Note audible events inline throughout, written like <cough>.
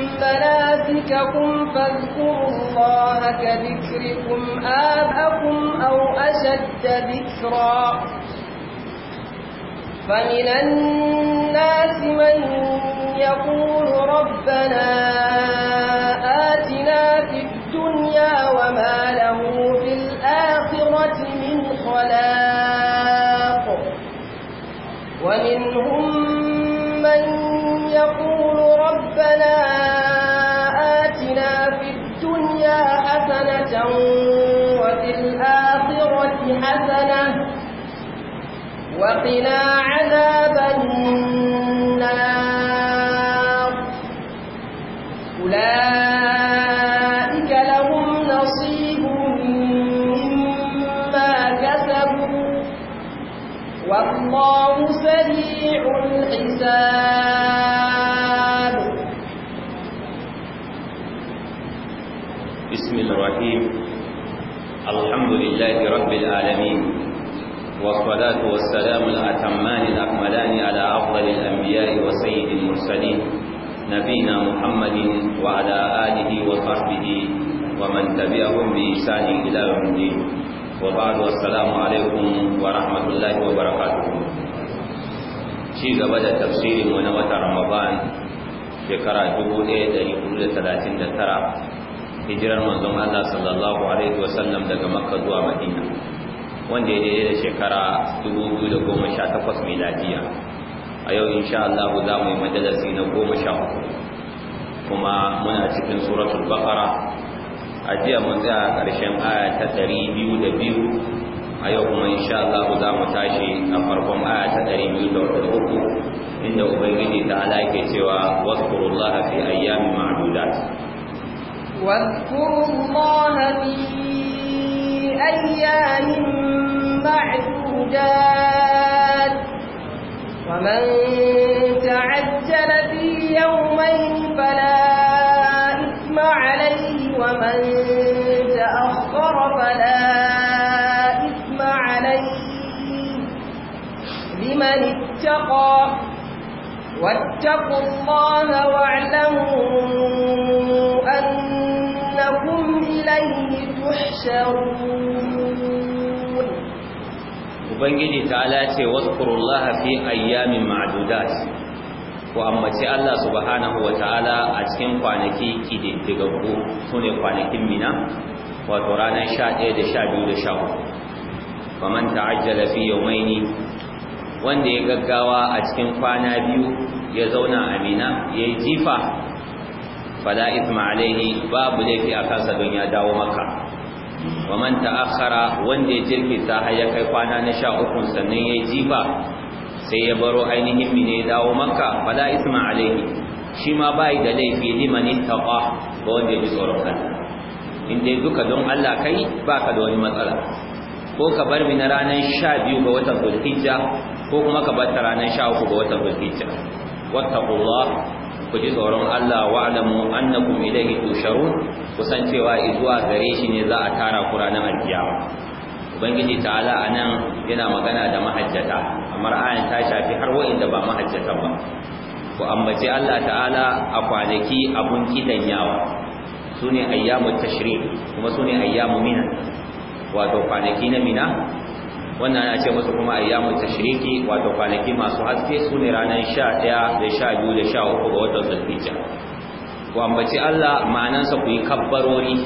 مناسككم فاذكروا الله كذكركم آبكم أو أشد ذكرا فمن الناس من يقول ربنا آتنا في الدنيا وما له في الآخرة من خلاق ومنهم من يقول رَبَّنَا آتِنَا فِي الدُّنْيَا حَسَنَةً وَفِي الْآخِرَةِ حَسَنَةً وَقِنَا عَذَابَ النَّارِ أُولَئِكَ لَهُمْ نَصِيبٌ مِّمَّا كَسَبُوا وَاللَّهُ سَرِيعُ الْحِسَابِ لله رب العالمين والصلاة والسلام الأتمان الأكملان على أفضل الأنبياء وسيد المرسلين نبينا محمد وعلى آله وصحبه ومن تبعهم بإحسان إلى يوم الدين وبعد والسلام عليكم ورحمة الله وبركاته شيء قبل تفسير ونوة رمضان شكرا جبوه 1439 hijirar manzon Allah sallallahu alaihi wasallam daga Makka zuwa Madina wanda ya daidai da shekara 2018 miladiya a yau insha Allah za mu yi majalisi na 13 kuma muna cikin suratul baqara a jiya mun tsaya a ƙarshen aya ta 202 a yau kuma insha Allah za mu tashi a farkon aya ta 203 inda ubangiji ta ala ke cewa wasqurullaha fi ayyamin ma'dudat واذكروا الله في أيام معدودات ومن تعجل في يومين فلا إثم عليه ومن تأخر فلا إثم عليه لمن اتقى واتقوا الله واعلموا إنكم إليه تحشرون وبنجي تعالى واذكروا الله في أيام معدودات وأمتي الله سبحانه وتعالى أتكن قانكي كده تقبو سنة قانكي منا وترانا شاء إيد شاء بيود شاء ومن تعجل في يومين wanda ya gaggawa a cikin kwana biyu ya zauna a mina ya yi jifa fala isma alaihi babu laifi a kansa don ya dawo maka wa man ta'akhkhara wanda ya jirkita har ya kai kwana na sha uku sannan ya jifa sai ya baro ainihin mine ya dawo maka fala isma alaihi shi ma bai da laifi liman taqa ga wanda ya ji tsoron Allah in dai duka don Allah kai baka da wani matsala ko ka bar mi na ranar sha biyu ga watan zulhijja ko kuma ka bar ta ranar sha uku ga watan zulhijja wattaqullah ku ji tsoron Allah wa alamu annakum ilayhi tusharun cewa izuwa gare shi ne za a tara ku ranar alkiyama ubangiji ta'ala nan yana magana da mahajjata amma ayan ta shafi har wa'inda ba mahajjata ba ku ambaci Allah ta'ala a kwanaki abun Su sune ayyamu tashri kuma sune ayyamu mina wato kwanaki na mina wannan ana ce masa kuma ayyamun tashriki wato kwanaki masu haske su ne ranar sha ɗaya da sha biyu da sha uku ga watan zulhijja ku ambaci Allah ma'anansa ku yi kabbarori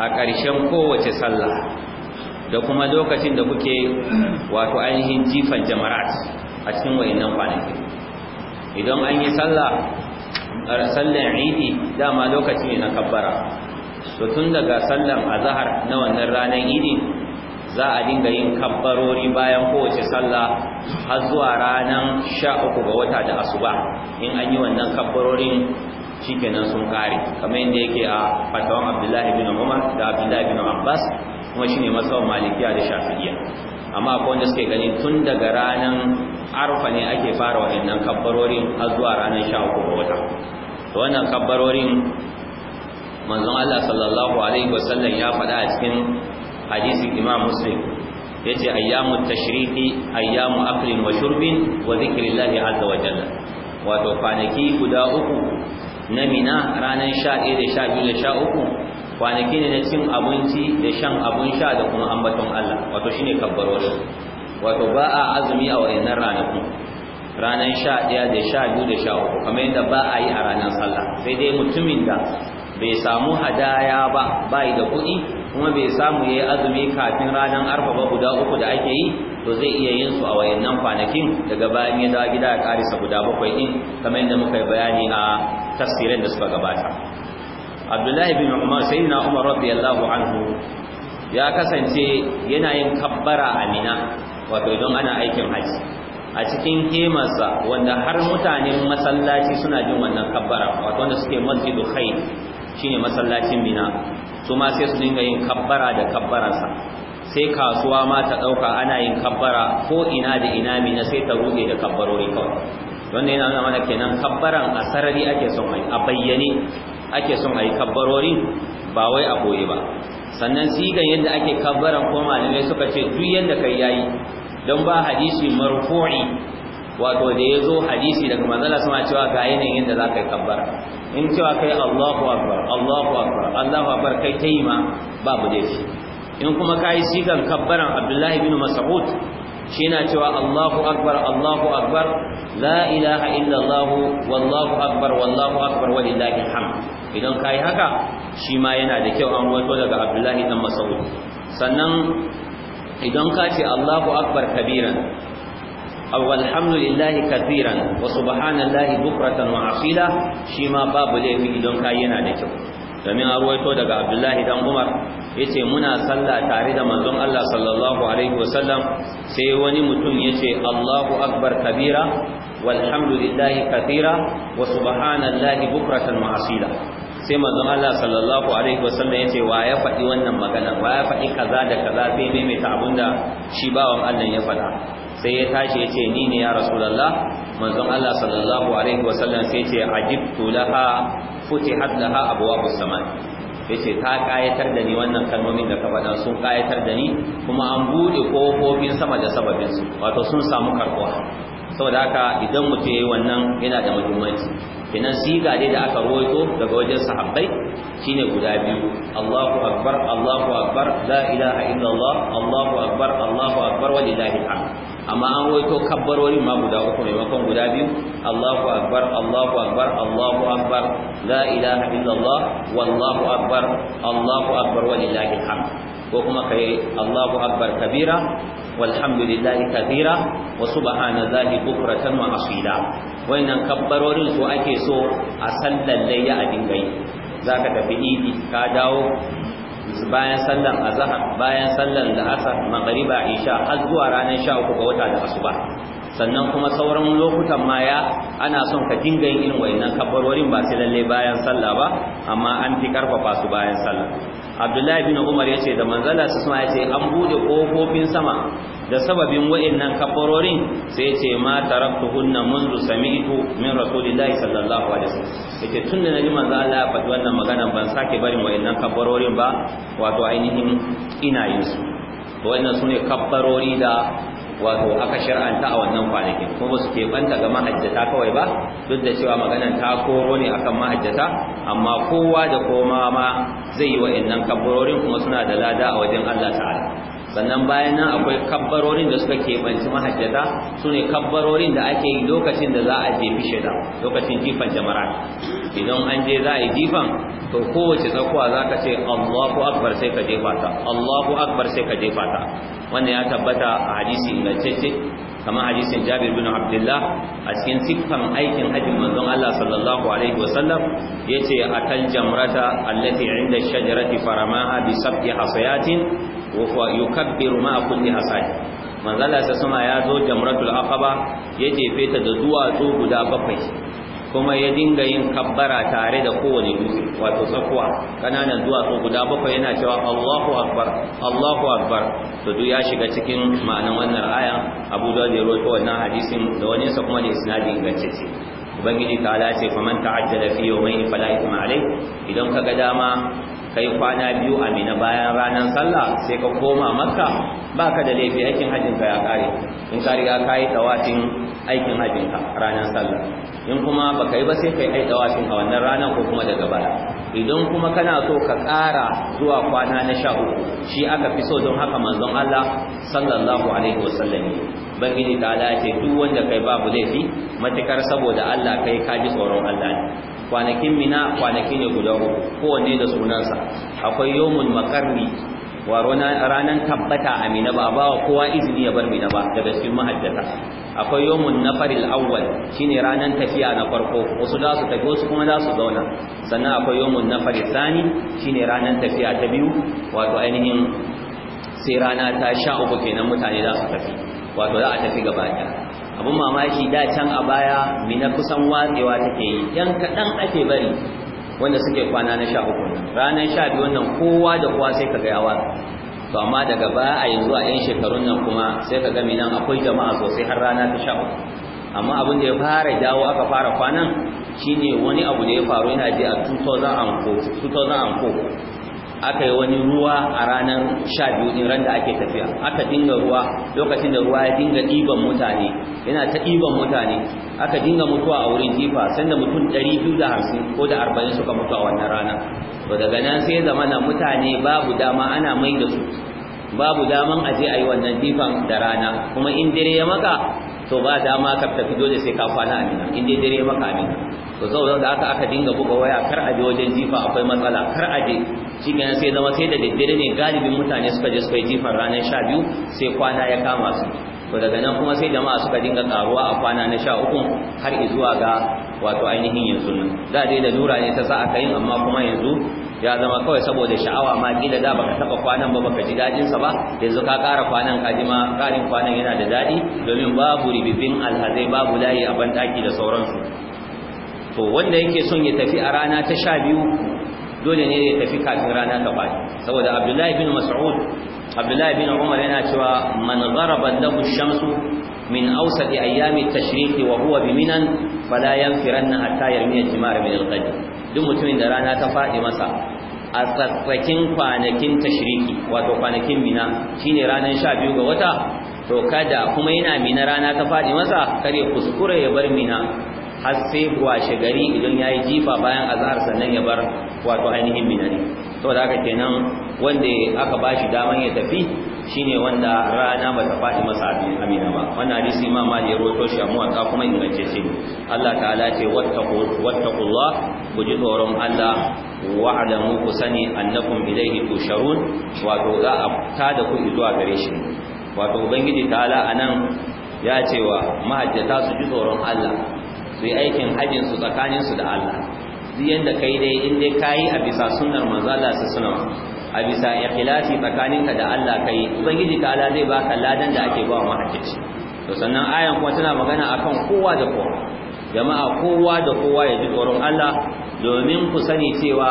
a ƙarshen kowace sallah da kuma lokacin da kuke wato ainihin jifan jamarat a cikin wayannan kwanaki idan an yi sallah sallan idi dama lokaci ne na kabbara to tun daga sallan azhar na wannan ranar idin za a dinga yin kabbarori bayan kowace sallah har zuwa ranar sha uku ga wata da asuba in an yi wannan kabbarorin shikenan sun kare kamar yadda yake a fatawan abdullahi bin umar da abdullahi bin abbas kuma shine masawan malikiya da shafi'iyya amma akwai wanda suke gani tun daga ranar arfa ne ake fara waɗannan kabbarorin har zuwa ranar sha uku ga wata to wannan kabbarorin manzon Allah sallallahu alaihi wasallam ya faɗa a cikin hadisin imam muslim ce ayyamu tashriqi ayyamu aklin wa shurbin wa zikrillahi azza wa jalla wato kwanaki guda uku na mina ranar sha ɗaya da sha biyu da sha uku kwanaki ne na cin abinci da shan abin sha da kuma ambaton Allah wato shine kabbarwar wato ba a azumi a wayannan ranaku ranar sha ɗaya da sha biyu da sha uku kamar yadda ba a yi a ranar sallah sai dai mutumin da bai samu hadaya ba bai da kuɗi kuma bai samu yayi azumi kafin ranar arfa ba guda uku da ake yi to zai iya yin su a wayannan kwanakin daga bayan ya dawo gida ya karisa guda bakwai din kamar yadda muka yi bayani a tafsirin da suka gabata Abdullahi bin Umar sayyidina Umar radiyallahu anhu ya kasance yana yin kabbara amina wato idan ana aikin haji a cikin kemarsa wanda har mutanen masallaci suna jin wannan kabbara wato wanda suke masjidu khair shine masallacin mina su ma sai su dinga yin kabbara da kabbaransa sai kasuwa ma ta dauka ana yin kabbara ko ina da ina mina sai ta rude da kabbarori kawai wannan yana nuna mana kenan kabbaran a sarari ake son ai a bayyane ake son ai kabbarori ba wai a boye ba sannan sigan yadda ake kabbaran ko malamai suka ce duk yadda kai yayi don ba hadisi marfu'i wato da ya zo hadisi daga manzala sama cewa ga yanayin yadda za ka yi kabbara in cewa kai Allahu akbar Allahu akbar Allahu akbar kai ta yi ma babu laifi in kuma kai sigan kabbaran Abdullahi bin Mas'ud shi yana cewa Allahu akbar Allahu akbar la ilaha illa Allah wallahu akbar wallahu akbar walillahi alhamd idan kai haka shi ma yana da kyau an wato daga Abdullahi dan Mas'ud sannan idan ka ce Allahu akbar kabiran والحمد لله كثيرا وسبحان الله بكرة وعصيلا شيما باب ليه إذن da kyau. domin a ruwaito daga abdullahi dan umar ya ce muna sallah tare da manzon allah sallallahu alaihi wasallam sai wani mutum ya ce allahu akbar kabira walhamdulillahi kathira wa subhanallahi bukratan wa asila sai manzon allah sallallahu alaihi wasallam ya ce wa ya faɗi wannan magana wa ya faɗi kaza da kaza sai maimaita abinda shi bawan allah ya faɗa sai ya tashi ya ce ni ne ya rasulallah manzon Allah sallallahu alaihi wa sallam sai ce ajibtu laha futihat laha abwabus samaa yace ta kayatar da ni wannan kalmomin da ka faɗa sun kayatar da ni kuma an bude kofofin sama da sababin su wato sun samu karbuwa saboda haka idan mutum yayi wannan yana da muhimmanci kenan siga dai da aka rawaito daga wajen sahabbai shine guda biyu Allahu akbar Allahu akbar la ilaha illallah Allahu akbar Allahu akbar walillahi alhamd amma an rawaito kabbarori ma guda uku maimakon guda biyu Allahu akbar Allahu akbar Allahu akbar la ilaha illallah wallahu akbar Allahu akbar walillahi alhamd ko kuma kai Allahu akbar kabira walhamdulillahi kathira wa subhanallahi bukratan wa asila wannan kabbarorin su ake so a sallan layya a dinga yi zaka tafi idi ka dawo bayan sallan azhar bayan sallan la'asar magriba isha har zuwa ranar 13 ga wata da asuba sannan kuma sauran lokutan ma ya ana son ka dinga yin irin wayannan kabbarorin ba sai lalle bayan sallah ba amma an fi karfafa su bayan sallar. abdullahi bin umar ya ce da manzala su suna ce an bude kofofin sama da sababin wa'annan kafarorin sai ya ce ma taraktu hunna munzu sami'tu min rasulillahi sallallahu alaihi wasallam yace tun da ji manzo Allah ya faɗi wannan magana ban sake barin wa'annan kafarorin ba wato ainihin ina yin su to wannan sune kafarori da wato aka shar'anta a wannan kwanakin kuma su ke banta ga mahajjata kawai ba duk da cewa maganan ta koro ne akan mahajjata amma kowa da koma ma zai yi wa'annan kaburorin kuma suna da lada a wajen Allah ta'ala sannan bayan nan akwai kabbarorin da suka keɓanci mahajjata su ne kabbarorin da ake yi lokacin da za a jefi shida lokacin jifan jama'a idan an je za a yi jifan to kowace tsakuwa za ka ce allahu akbar sai ka jefa ta allahu akbar sai ka jefa ta wannan ya tabbata a hadisi ingantacce kamar hadisin Jabir bin Abdullah a cikin siffan aikin hajjin manzon Allah sallallahu alaihi wasallam yace atal jamrata allati inda shajarati faramaha bi sab'i hasayatin wa yukabbiru ma kulli manzo Allah sa sama ya zo jamratul aqaba ya jefe ta da duwatsu guda bakwai kuma ya dinga yin kabbara tare da kowane dutse wato tsakuwa kananan duwatsu guda bakwai yana cewa Allahu akbar Allahu akbar to duk ya shiga cikin ma'anar wannan aya Abu Dawud ya rawaito wannan hadisin da wani sa kuma da isnadi ingantacce ubangiji ta ala ce faman ta'ajjala fi yawmayn fala ithma alayh idan kaga dama kai kwana biyu a mina bayan ranar sallah sai ka koma makka ka da laifi aikin hajjin ka ya kare in ka riga ka yi tawafin aikin hajjin ranar sallah in kuma ba ka yi ba sai kai yi tawafin a wannan ranar ko kuma daga baya idan kuma kana so ka kara zuwa kwana na sha uku shi aka fi so don haka manzon Allah sallallahu alaihi wasallam bangiji ta Allah ya ce duk wanda kai babu laifi matukar saboda Allah kai ka ji tsoron Allah ne kwanakin mina kwanaki ne guda uku kowanne da sunansa akwai yomun makarri wa ranar tabbata a mina ba ba wa kowa izini ya bar mina ba daga cikin mahaddata akwai na faril awwal shine ranar tafiya na farko wasu za su tafi wasu kuma za su zauna sannan akwai yawmun nafaril sani shine ranar tafiya ta biyu wato ainihin sai rana ta sha uku kenan mutane za su tafi wato za a tafi gaba ɗaya Abin mamaki da can a baya na kusan watsewa take yi yan kaɗan ake bari wanda suke kwana na sha uku ranar sha biyu wannan kowa da kowa sai ka ga yawa to amma daga baya a yanzu a 'yan shekarun nan kuma sai ka ga minan akwai jama'a sosai har rana ta sha uku amma abin da ya fara dawo aka fara kwanan shine wani abu da ya faru yana ji a 2004 aka yi wani ruwa a ranar sha biyu din ran da ake tafiya aka dinga ruwa lokacin da ruwa ya dinga ɗiban mutane yana ta ɗiban mutane aka dinga mutuwa a wurin jifa sanda mutum ɗari biyu da hamsin ko da arba'in suka mutu a wannan rana to daga nan sai na mutane babu dama ana mai da su babu daman aje a yi wannan jifan da rana kuma in dare ya maka to ba dama ka tafi dole sai ka kwana a in dai dare ya maka amina to saboda da aka aka dinga buga waya kar aje wajen jifa akwai matsala kar aje shi kenan sai zama sai da daddare ne galibin mutane suka je suka yi jifan ranar sha biyu sai kwana ya kama su to daga nan kuma sai jama'a suka dinga karuwa a kwana na sha uku har zuwa ga wato ainihin yanzu nan da dai da dura ne ta sa aka yi, amma kuma yanzu ya zama kawai saboda sha'awa ma kila da baka taba kwanan ba baka ji dadin sa ba yanzu ka kara kwanan ka ji ma ƙarin kwanan yana da dadi domin babu ribibin alhazai babu layi a bandaki da sauransu to wanda yake son ya tafi a rana ta sha biyu dole ne ya tafi kafin rana ta faɗi saboda abdullahi bin mas'ud abdullahi bin umar yana cewa man gharaba lahu shamsu min awsati ayyami tashriq wa huwa bi minan fala yanfiranna hatta yarmi al-jimar min al-qadr duk mutumin da rana ta faɗi masa a tsatsakin kwanakin tashriki wato kwanakin mina shine ranar sha biyu ga wata to kada kuma yana mina rana ta faɗi masa kare kuskure ya bar mina har sai washe gari idan ya yi jifa bayan azahar sannan ya bar wato ainihin minari saboda haka kenan wanda aka ba shi daman ya tafi shine wanda rana ba ta faɗi masa amina ba wannan hadisi ma ma ya roto shi amma ka kuma ingance shi Allah ta'ala ce wattaqu wattaqullah ku ji tsoron Allah wa alamu ku sani annakum ilayhi tusharun wato za a da ku zuwa gare shi wato ubangiji ta'ala nan ya cewa mahajjata su ji tsoron Allah su yi aikin hajjin su tsakaninsu da Allah ziyan da kai dai in dai yi a bisa sunar manzala su sunan a bisa ikhilasi tsakaninka da Allah ka kai ubangiji ka ala zai baka ladan da ake ba wa to sannan ayan kuma tana magana akan kowa da kowa jama'a kowa da kowa ya ji tsoron Allah domin ku sani cewa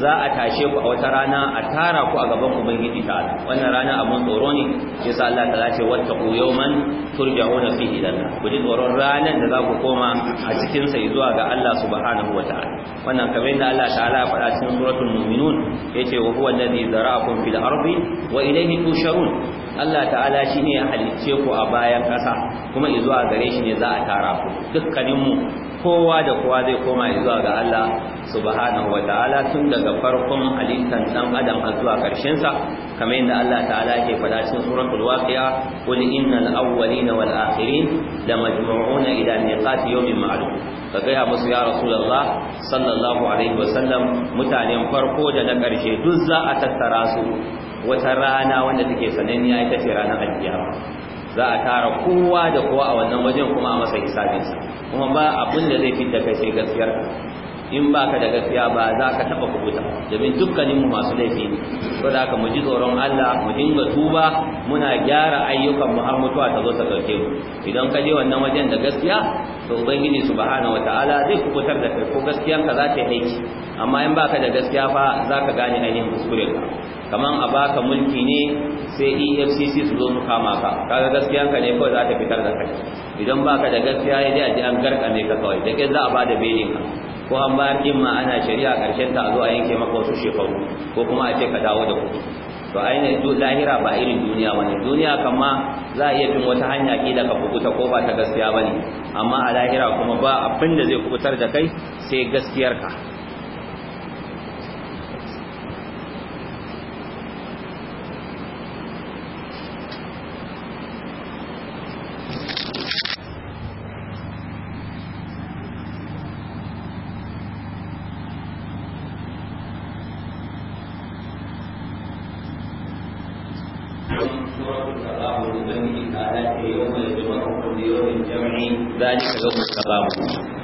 za a tashe ku a wata rana a tara ku a gaban ubangiji ta'ala wannan rana abun tsoro ne yasa Allah ta ce wattaqu yawman turja'una fihi ila Allah ku ji tsoron ranar da za ku koma a cikin sa zuwa ga Allah subhanahu wata'ala wannan kamar yadda Allah ta'ala ya faɗa cikin suratul mu'minun yace wa huwa alladhi zara'akum fil ardi wa ilayhi tusharun Allah ta'ala shine ya halicce ku a bayan ƙasa kuma zuwa gare shi ne za a tara ku dukkaninmu kowa da kowa zai koma zuwa ga Allah subhanahu wata'ala tun da daga farkon halittar dan adam har zuwa karshen sa kamar yadda Allah ta'ala yake faɗa cikin suratul waqi'a qul innal awwalina wal akhirin lamajmu'una ila miqati yawmin ma'lum ka gaya musu ya rasulullah sallallahu alaihi wasallam mutanen farko da na karshe duk za a tattara su wata rana wanda take sananniya ita ce ranar alkiyama za a tara kowa da kowa a wannan wajen kuma a masa hisabinsa kuma ba abin da zai fita kai sai gaskiyar in baka da gaskiya ba za ka taba kubuta domin dukkanin mu masu laifi ne to da ka mu ji tsoron Allah mu dinga tuba muna gyara ayyukan mu har mutuwa ta zo ta dauke mu idan ka je wannan wajen da gaskiya to ubangiji subhanahu wataala zai kubutar da kai ko gaskiyanka za ta yi amma in baka da gaskiya fa za ka gane ainihin kuskuren ka kaman a baka mulki ne sai EFCC su zo muka kama ka kaga gaskiyanka ne kawai za ta fitar da kai idan baka da gaskiya ya je a ji an garkame ka kawai da ke za a bada belin ko an bayar din ma ana shari'a karshen ta zo a yanke maka wasu shekaru ko kuma a ce ka dawo da kuɗi to ainihin lahira ba irin duniya ba ne duniya kama za a iya bin wata hanya kila ka kubuta ko ba ta gaskiya ba ne amma a lahira kuma ba abin da zai kubutar da kai sai gaskiyar ka.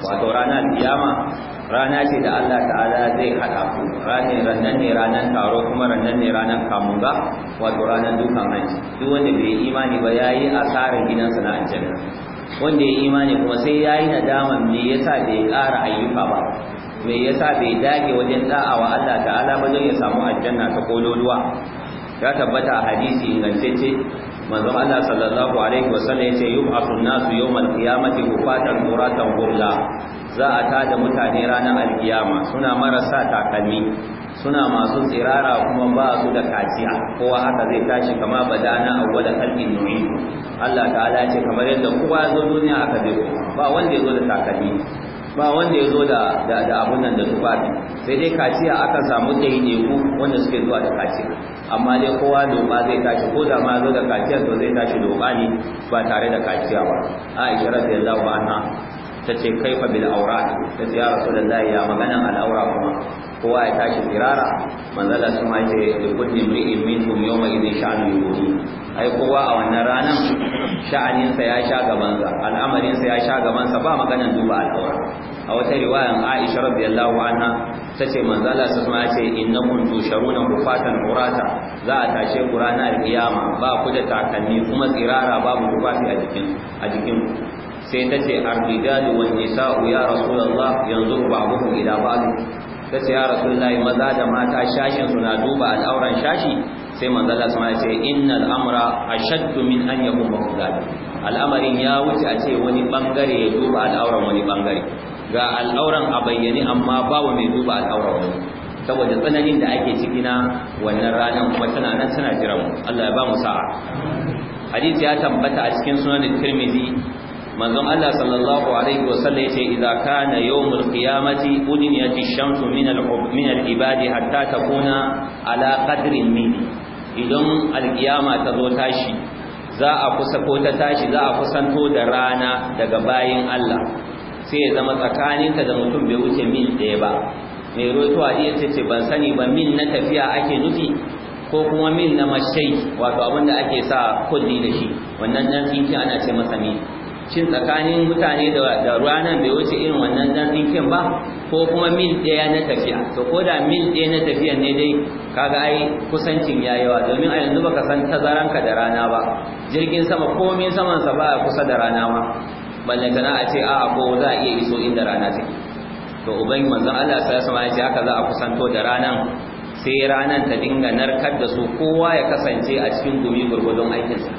wato ranar kiyama rana ce da Allah ta'ala zai haɗa ku rane rannan ne ranar taro kuma rannan ne ranar kamunga wato ranar dukan hanci duk wanda bai imani ba yayi asarar gidansa na aljanna wanda ya imani kuma sai yayi nadama me yasa bai ƙara ayyuka ba me yasa bai dage wajen da'a wa Allah ta'ala ba don ya samu aljanna ta kololuwa ya tabbata a hadisi ingantacce manzon Allah sallallahu alaihi wasallam yace yub'athu an-nasu yawmal qiyamati hufatan muratan ghurla za a tada mutane ranar alkiyama suna marasa takalmi suna masu tsirara kuma ba su da kaciya kowa haka zai tashi kama badana awwala khalqin nu'i Allah ta'ala ce kamar yadda kowa zo duniya haka zai ba wanda ya zo da takalmi ba wanda ya zo da abun nan da tufafi sai dai kaciya aka samu ɗaiɗaiku wanda suke zuwa da kaciya amma dai kowa doba zai tashi ko da ma zo da kaciya to zai tashi doba ne ba tare da kaciya ba aisha radiyallahu ana ta ce kaifa bil aura ta ce ya zai ya maganan al'aura kuma kowa ya tashi firara manzala ma ce da kulli yau mai zai idhin sha'nu gudu. ai kowa a wannan ranar sha'aninsa ya sha gabansa al'amarinsa ya sha gabansa ba maganan duba al'aura a wata riwayan Aisha radiyallahu anha tace manzo Allah sallallahu alaihi wasallam yace innakum tusharuna rufatan urata za a tashe ku ranar kiyama ba ku da takalmi kuma tsirara babu tufafi a jikin a jikin sai tace ardidalu wan nisa'u ya rasulullah yanzu ba'dhum ila ba'd tace ya rasulullah maza da mata shashin su na duba al'auran shashi sai manzo Allah sama ya ce innal amra ashaddu min an yakum mafdal al'amarin ya wuce a ce wani bangare ya duba al'auran wani bangare ga al'auran a bayyane amma babu mai duba al'auran wani saboda tsananin da ake ciki na wannan ranar kuma tana nan tana jira Allah ya ba mu sa'a hadisi ya tabbata a cikin sunan Tirmidhi manzon Allah sallallahu alaihi wasallam yace idza kana yawmul qiyamati udniyati shamsu min al-min al-ibadi hatta takuna ala qadri min idan alkiyama ta zo tashi za a kusa ko ta tashi za a kusanto da rana daga bayin Allah sai ya zama tsakaninka da mutum bai wuce mil ɗaya ba mai rotuwa iya ce ce ban sani ba mil na tafiya ake nufi ko kuma mil na mashai wato abin da ake sa kulli da shi wannan dan tsinki ana ce masa mil shin tsakanin mutane da ranar bai wuce irin wannan dan tsinkin ba ko kuma mil ɗaya na tafiya to ko da mil ɗaya na tafiya ne dai kaga ai kusancin ya yawa domin a yanzu baka san tazaranka da rana ba jirgin sama komin samansa ba kusa da rana ma ballantana a ce a'a ko za a iya iso inda rana take to ubangi manzon Allah sai sama ya ce haka za a kusanto da ranan sai ranan ta dinga narkar da su kowa ya kasance a cikin gumi gurgudun aikinsa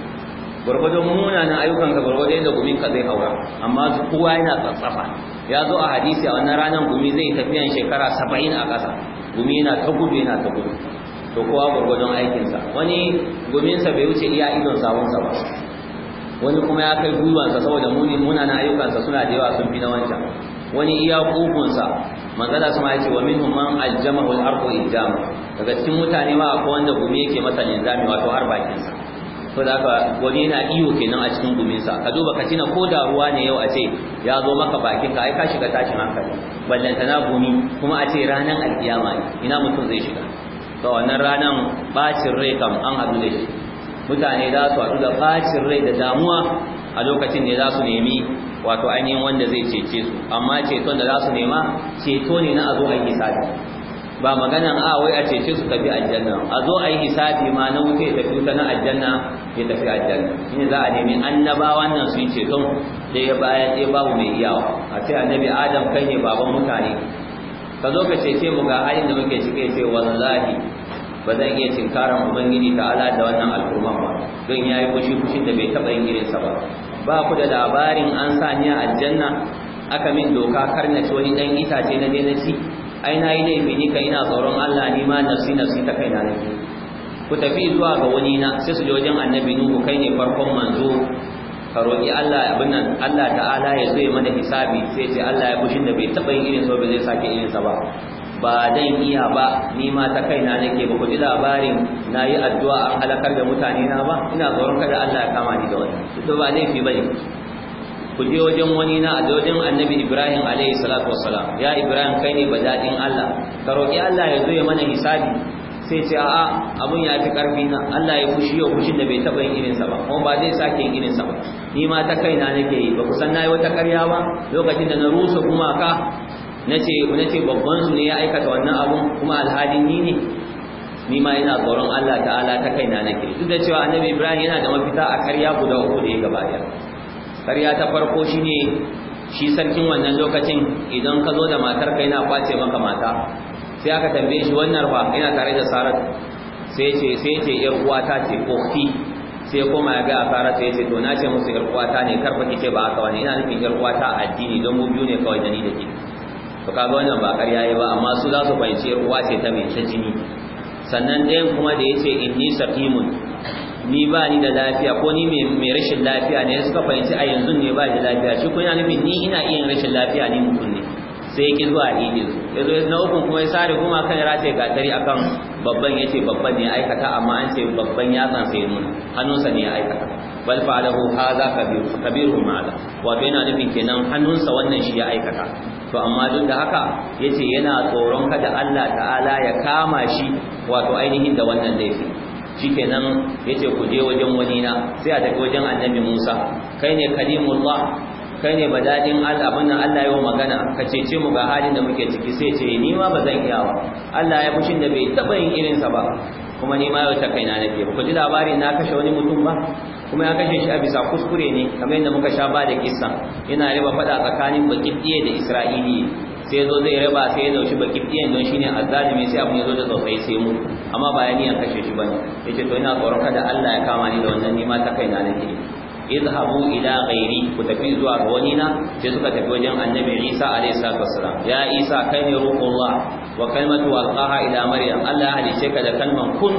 gurgudun munanan ayyukanka gurgudun da gumin ka zai haura amma kowa yana tsatsafa ya zo a hadisi a wannan ranar gumi zai tafiyan shekara saba'in a ƙasa gumi yana ta gudu yana ta gudu to kowa gurgudun aikinsa wani guminsa bai wuce iya idon sabonsa ba wani kuma ya kai gwiwansa saboda muni munanan ayyukansa suna da yawa sun fi na wancan wani iya kugunsa manzala sama yace wa minhum man aljamahu al-arqu ijam daga cikin mutane ma akwai wanda gumi yake masa linzami wato har bakin sa to da haka wani iyo kenan a cikin gumin sa ka duba ka tina ko da ruwa ne yau a ce ya zo maka bakin ka ai ka shiga tashin hankali ballantana gumi kuma a ce ranan alkiyama ina mutum zai shiga to wannan ranan bacin rai kam an hadu da shi mutane za su haɗu da fashin rai da damuwa a lokacin ne za su nemi wato ainihin wanda zai cece su amma ceton da za su nema ceto ne na a zo a yi hisabi ba maganan a ah, wai a cece su tafi aljanna a zo a yi hisabi ma na wuce ya tafi wuta na aljanna ya tafi aljanna shine za a nemi annabawan wannan su yi ceton da ya baya ɗaya babu mai iyawa a ce annabi adam kai ne baban mutane ka zo ka cece mu ga halin da muke cike ce wallahi ba zan iya tinkaran ubangiji ala da wannan al'umma ba don yayi kushi kushi da bai taba yin irinsa ba ba ku da labarin an sa ni a aljanna aka min doka kar na ci wani dan itace na ne na ci ai na yi laifi ni kai ina tsoron Allah ni ma nafsi nafsi ta kai na nake ku tafi zuwa ga wani na sai su je annabi nuhu kai ne farkon manzo ka roƙi Allah abin nan Allah ta'ala ya zo ya mana hisabi sai ce Allah ya kushin da bai taɓa yin irin zai sake irinsa ba ba dan iya ba ni ma ta kaina nake ba ku ji labarin nayi addu'a an halakar da mutane na ba ina tsoron kada Allah ya kama ni da wani to ba fi bane ku je wajen wani na a wajen annabi ibrahim alaihi salatu wassalam ya ibrahim kai ne badadin Allah ka roki Allah ya zo ya mana hisabi sai ce a'a abun ya fi karfi na Allah ya fushi yau fushin da bai taba yin sa ba kuma ba zai sake yin sa ba ni ma ta kaina nake yi ba kusan nayi wata karya ba lokacin da na rusa gumaka nace babban su ne ya aikata wannan abun kuma alhadin ni ne ni ma ina tsoron Allah ta'ala ta kaina nake duk da cewa annabi Ibrahim yana da mafita a karya guda uku da ya gabata karya ta farko shine shi sarkin wannan lokacin idan ka zo da matar ka yana kwace maka mata sai aka tambaye shi wannan fa yana tare da Sarat sai ce sai ce yar uwata ce kofi. sai kuma ya ga Sarat sai ce to na ce musu yar uwata ne karfa kike ba aka wani ina nufin yar uwata addini don mu biyu ne kawai da ni da ke to kaga wannan ba ƙarya ba amma su za su fahimci uwa ce ta mai ta jini sannan ɗayan kuma da yace inni saqimun ni ba ni da lafiya ko ni mai rashin lafiya ne suka fahimci a yanzu ne ba da lafiya shi ya nufin ni ina iya rashin lafiya ni mutum ne sai ya ki zuwa idin ya zo na ukun kuma ya sare kuma kan ya rataye gatari akan babban ya ce babban ne aikata amma an ce babban ya san sai mun hannunsa ne ya aikata bal fa'alahu hadha kabir kabiru ma'ala wato yana nufin kenan hannunsa wannan shi ya aikata to amma duk da haka yace yana tsoron kada Allah ta'ala ya kama shi wato ainihin da wannan laifi shikenan yace ku je wajen wani na sai a tafi wajen annabi Musa kai ne kalimullah kai ne badadin Allah abin Allah ya magana ka cece mu ga halin da muke ciki sai ce ni ma bazan iya ba Allah ya fushin da bai taba yin irinsa ba kuma ni ma yau ta kaina nake ba ku ji labarin na kashe wani mutum ba kuma ya kashe shi a bisa kuskure ne kamar yadda muka sha ba da kissa yana riba faɗa tsakanin bakibdiye da isra'ili sai zo zai raba sai ya bakin bakibdiyen don shine azzalimi sai abun ya zo da tsotsai sai mu amma ba ya niyan kashe shi bane ce to ina tsoron kada Allah ya kama ni da wannan nima ta na nake izhabu ila ghairi ku tafi zuwa ga wani na sai suka tafi wajen annabi Isa alayhi salatu wassalam ya Isa kai ne ruhullah wa kalmatu alqaha ila maryam Allah ya halice ka da kalman kun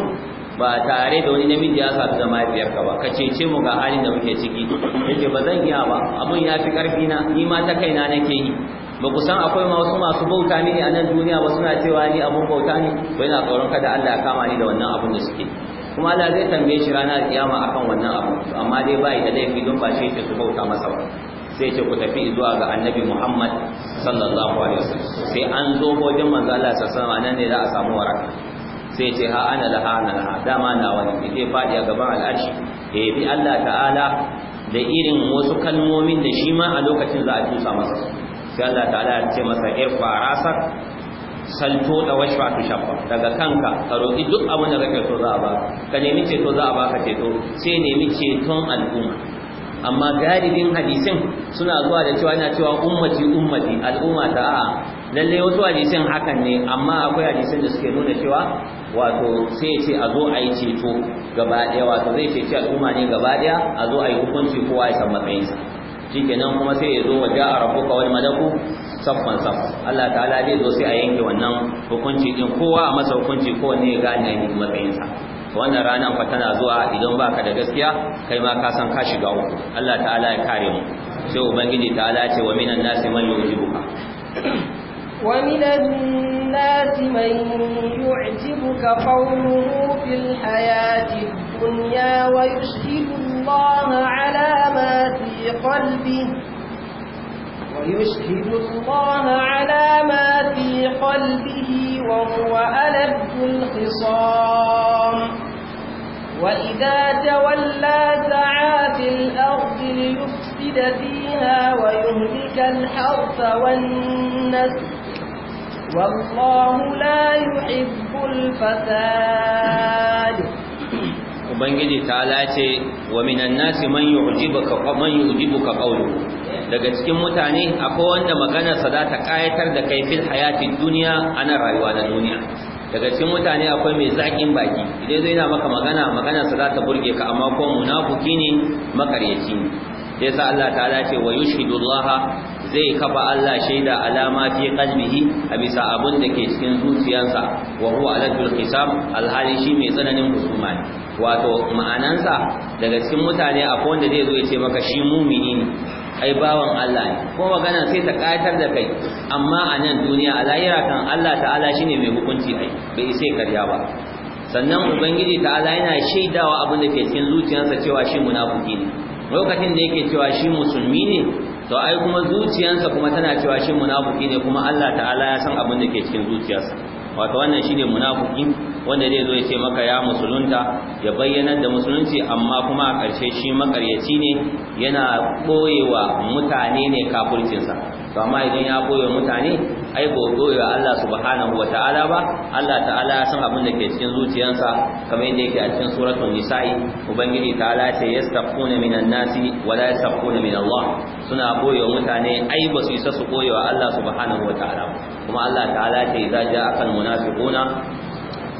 ba tare da wani namiji ya sadu da mahaifiyarka ba ka cece mu ga halin da muke ciki yake ba zan iya ba abun ya fi karfi na ni ma ta kaina nake yi ba ku san akwai wasu masu bauta ne a nan duniya ba suna cewa ni abun bauta ne ba yana tsoron kada Allah ya kama ni da wannan abun da suke kuma Allah zai tambaye shi ranar kiyama akan wannan abu amma dai bai da laifi don ba shi yake su bauta masa ba sai ce ku tafi zuwa ga annabi Muhammad sallallahu alaihi wasallam sai an zo wajen manzo Allah sallallahu alaihi wasallam nan ne za a samu waraka sai ce ha ana laha ana laha dama na wani zai faɗi a gaban al'arshi ya bi Allah ta'ala da irin wasu kalmomin da shi ma a lokacin za a tusa masa sai Allah ta'ala ya ce masa irfa rasak salto da washfa tu shafa daga kanka ka roƙi duk abin da kake so za a baka ka nemi ceto za a baka ceto sai nemi ceton al'umma amma galibin hadisin suna zuwa da cewa yana cewa ummati ummati al'umma ta a lalle wasu hadisin hakan ne amma akwai hadisin da suke nuna cewa wato sai ce a zo a yi ceto gaba daya wato zai ceci al'umma ne gaba daya a zo a yi hukunci kowa ya san matsayinsa nan kuma sai ya zo wa ja'a rabbuka wani malaku saffan saf Allah ta'ala zai zo sai a yanke wannan hukunci din kowa a masa hukunci kowanne ya gane ne sa wannan ranar fa tana zuwa idan baka da gaskiya kai ma ka san ka shiga uku Allah ta'ala ya kare mu sai ubangiji ta'ala ce wa minan nasi man yujibuka ومن الناس من يعجبك قوله في الحياة الدنيا ويشهد الله على ما في قلبه ويشهد الله على ما في قلبه وهو ألد الخصام وإذا تولى سعى في الأرض ليفسد فيها ويهلك الحرث والنسل والله لا يحب الفساد ubangiji ta lace wa minan man yu'jibuka man daga cikin mutane akwai wanda maganar sa za ta kayatar da kaifin hayatin duniya ana rayuwa na duniya daga cikin mutane akwai mai zakin baki idan zai yana maka magana magana sa za ta burge ka amma ko munafiki ne makaryaci ne sa Allah ta'ala ce wa Allah zai kafa Allah shaida alama fi qalbihi a bisa abun da ke cikin zuciyarsa wa huwa aladul hisab alhali shi mai tsananin husuma wato ma'anansa daga cikin mutane akwai wanda zai zo ya ce maka shi mumini ne ai bawan Allah ne ko magana sai ta kayatar da kai amma a nan duniya a lahira kan Allah ta'ala shine mai hukunci ai bai isa karya ba sannan ubangiji ta'ala yana shaidawa abin da ke cikin zuciyarsa cewa shi munafiki ne lokacin da yake cewa shi musulmi ne to ai kuma zuciyarsa kuma tana cewa shi munafiki ne kuma Allah ta'ala ya san abin da ke cikin zuciyarsa wato wannan shine munafiki wanda zai zo ya ce maka ya musulunta ya bayyana da musulunci amma kuma a ƙarshe shi makaryaci ne yana ɓoyewa mutane ne kafircinsa to amma idan ya ɓoye mutane ai ɓoyewa Allah subhanahu wa ba Allah ta'ala ya san abin da ke cikin zuciyarsa kamar yadda yake a cikin suratul nisa'i ubangiji ta'ala ce yastaqquna minan nasi wa la yastaqquna min Allah suna ɓoyewa mutane ai ba su isa su ɓoyewa Allah subhanahu wa kuma Allah ta'ala ce idza ja'a al munafiquna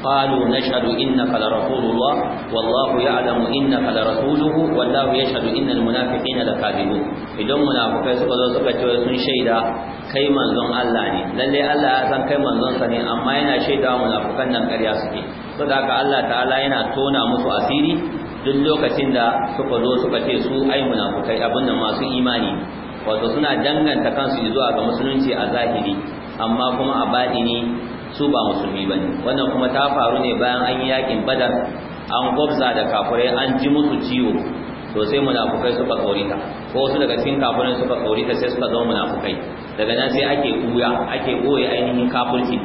قالوا na إنك لرسول الله والله يعلم إنك لرسوله والله يشهد إن المنافقين لكاذبون idan munafikai suka zo suka ce sun shaida kai manzon Allah ne lallai Allah ya san kai manzon sa ne amma yana shaida munafikan nan ƙarya suke saboda haka Allah ta'ala yana tona musu asiri duk lokacin da suka zo suka ce su ai munafikai abin da masu imani wato suna danganta kansu zuwa ga musulunci a zahiri amma kuma a baɗini su ba musulmi bane wannan kuma ta faru ne bayan an yi yakin badar an gwabza da kafirai an ji musu ciwo to sai munafukai suka ta ko wasu daga cikin kafirai suka ta sai suka zama munafukai daga nan sai ake kuya ake boye ainihin kafirci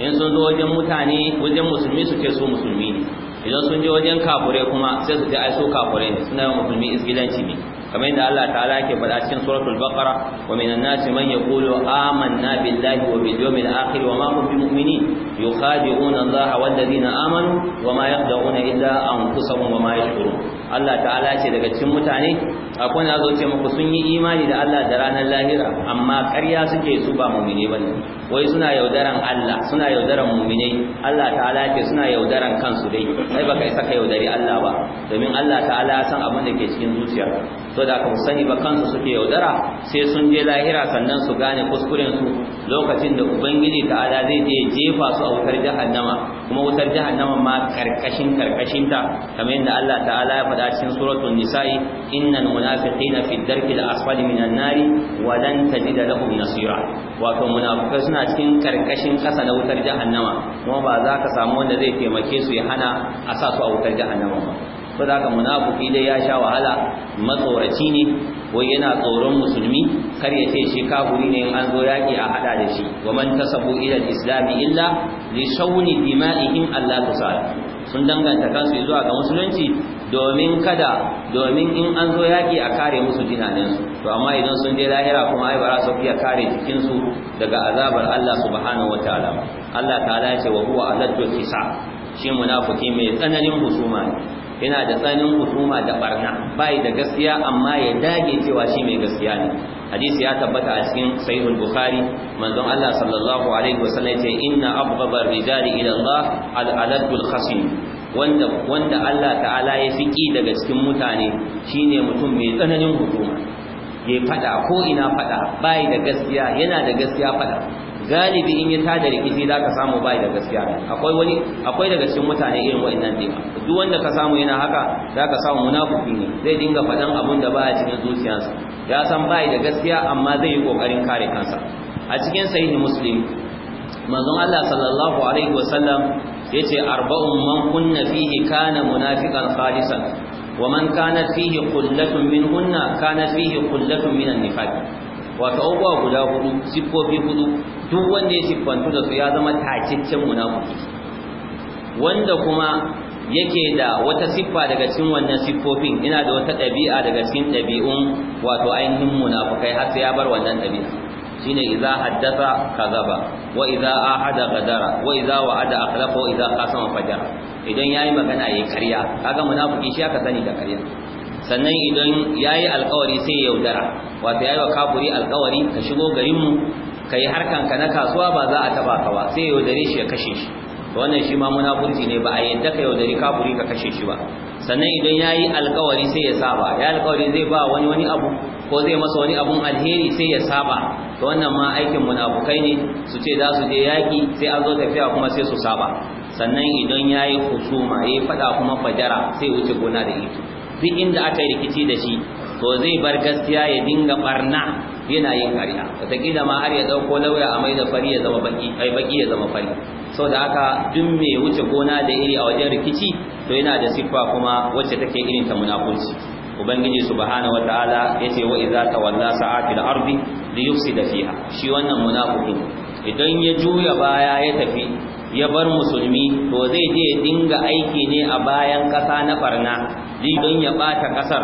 in sun zo wajen mutane wajen musulmi su ce su musulmi ne idan sun je wajen kafirai kuma sai su ce ai su kafirai ne suna musulmi isgilanci ne kamar yadda Allah ta'ala ke faɗa cikin suratul baqara wa minan nasi man yaqulu amanna billahi wa bil yawmil akhir wa ma hum bimu'minin yukhadi'una Allah wal ladina amanu wa ma yaqdauna illa anfusahum wa ma yashurun Allah ta'ala ce daga cikin mutane akwai na zo ce muku sun yi imani da Allah da ranar lahira amma ƙarya suke su ba mu'mine bane wai suna yaudaran Allah suna yaudaran mu'mine Allah ta'ala ce suna yaudaran kansu dai sai baka isa ka yaudari Allah ba domin Allah ta'ala san abin da ke cikin zuciya so da ka sani ba kansu suke yaudara sai sun je lahira sannan su gane kuskuren su lokacin da ubangiji ta'ala zai je jefa su a wutar jahannama kuma wutar jahannama ma karkashin karkashin ta kamar yadda Allah ta'ala ya faɗa cikin suratul nisa'i innal munafiqina fi darki al-asfali minan nari wa lan tajida lahum nasira wato munafikai suna cikin karkashin kasa na wutar jahannama kuma ba za ka samu wanda zai taimake su ya hana a sa su a wutar jahannama ba so da munafiki dai ya sha wahala matsoraci ne wai yana tsoron musulmi kar ya ce shi kafuri ne in an zo yaki a hada da shi wa man tasabu ila al illa li shawni dima'ihim Allah ta'ala sun danganta kansu zuwa ga musulunci domin kada domin in an zo yaki a kare musu jinaninsu to amma idan sun je lahira kuma ai bara su iya kare jikinsu daga azabar Allah subhanahu wataala Allah ta'ala ya ce wa huwa aladdu kisa shi munafiki mai tsananin husuma ne yana da tsanin hukuma da barna bai da gaskiya amma ya dage cewa shi mai gaskiya ne hadisi ya tabbata a cikin sahihul bukhari manzon Allah sallallahu alaihi wasallam yace inna abghadar rijali ila Allah al-aladul khasim wanda wanda Allah ta'ala ya fi ki daga cikin mutane shine mutum mai tsananin hukuma ya fada ko ina fada bai da gaskiya yana da gaskiya fada galibi in ya tada rikici za ka samu bai da gaskiya akwai daga cikin mutane irin wa'annan dai duk wanda ka samu yana haka za ka samu munafiki ne zai dinga faɗan abun da baya cikin zuciyarsa ya san bai da gaskiya amma zai yi kokarin kare kansa a cikin sahih muslim manzon Allah sallallahu alaihi wasallam yace arba'un man kunna fihi kana munafiqan khalisan ومن كانت فيه قلة منهن kana fihi qullatun minan النفاق wato abubuwa guda hudu siffofi hudu duk wanda ya siffantu da su ya zama taciccen munafiki wanda kuma yake da wata siffa daga cikin wannan siffofin ina da wata ɗabi'a daga cikin ɗabi'un wato ainihin munafukai har sai ya bar wannan ɗabi'a shine idza haddatha kadaba wa idza ahada qadara wa idza wa'ada akhlafa wa idza qasama fajara idan yayi magana yayi ƙarya kaga munafiki shi aka sani da ƙarya sannan idan yayi alƙawari sai yaudara wato yayi wa kafiri alƙawari ka shigo garin mu kai harkan ka na kasuwa ba za a taba ka ba sai dare shi ya kashe shi wannan shi ma munafurci ne ba a yadda ka yaudari kafuri ka kashe shi ba sannan idan yayi alƙawari sai ya saba ya alƙawari zai ba wani wani abu ko zai masa wani abun alheri sai ya saba to wannan ma aikin munafukai ne su ce za su je yaki sai an zo tafiya kuma sai su saba sannan idan yayi husuma yayi fada kuma fajara sai wuce gona da ito duk inda aka yi rikici da shi to zai bar gaskiya ya dinga barna yana yin ƙarya wataƙila ma har ya ɗauko lauya a mai da fari ya zama baki ai baki ya zama fari saboda haka duk mai wuce gona da iri a wajen rikici to yana da siffa kuma wacce take irin ta munafurci ubangiji subhanahu wataala yace wa idza tawalla sa'a fil ardi li yufsida fiha shi wannan munafiqin idan ya juya baya ya tafi ya bar musulmi to zai je ya dinga aiki ne a bayan ƙasa na barna don ya bata kasar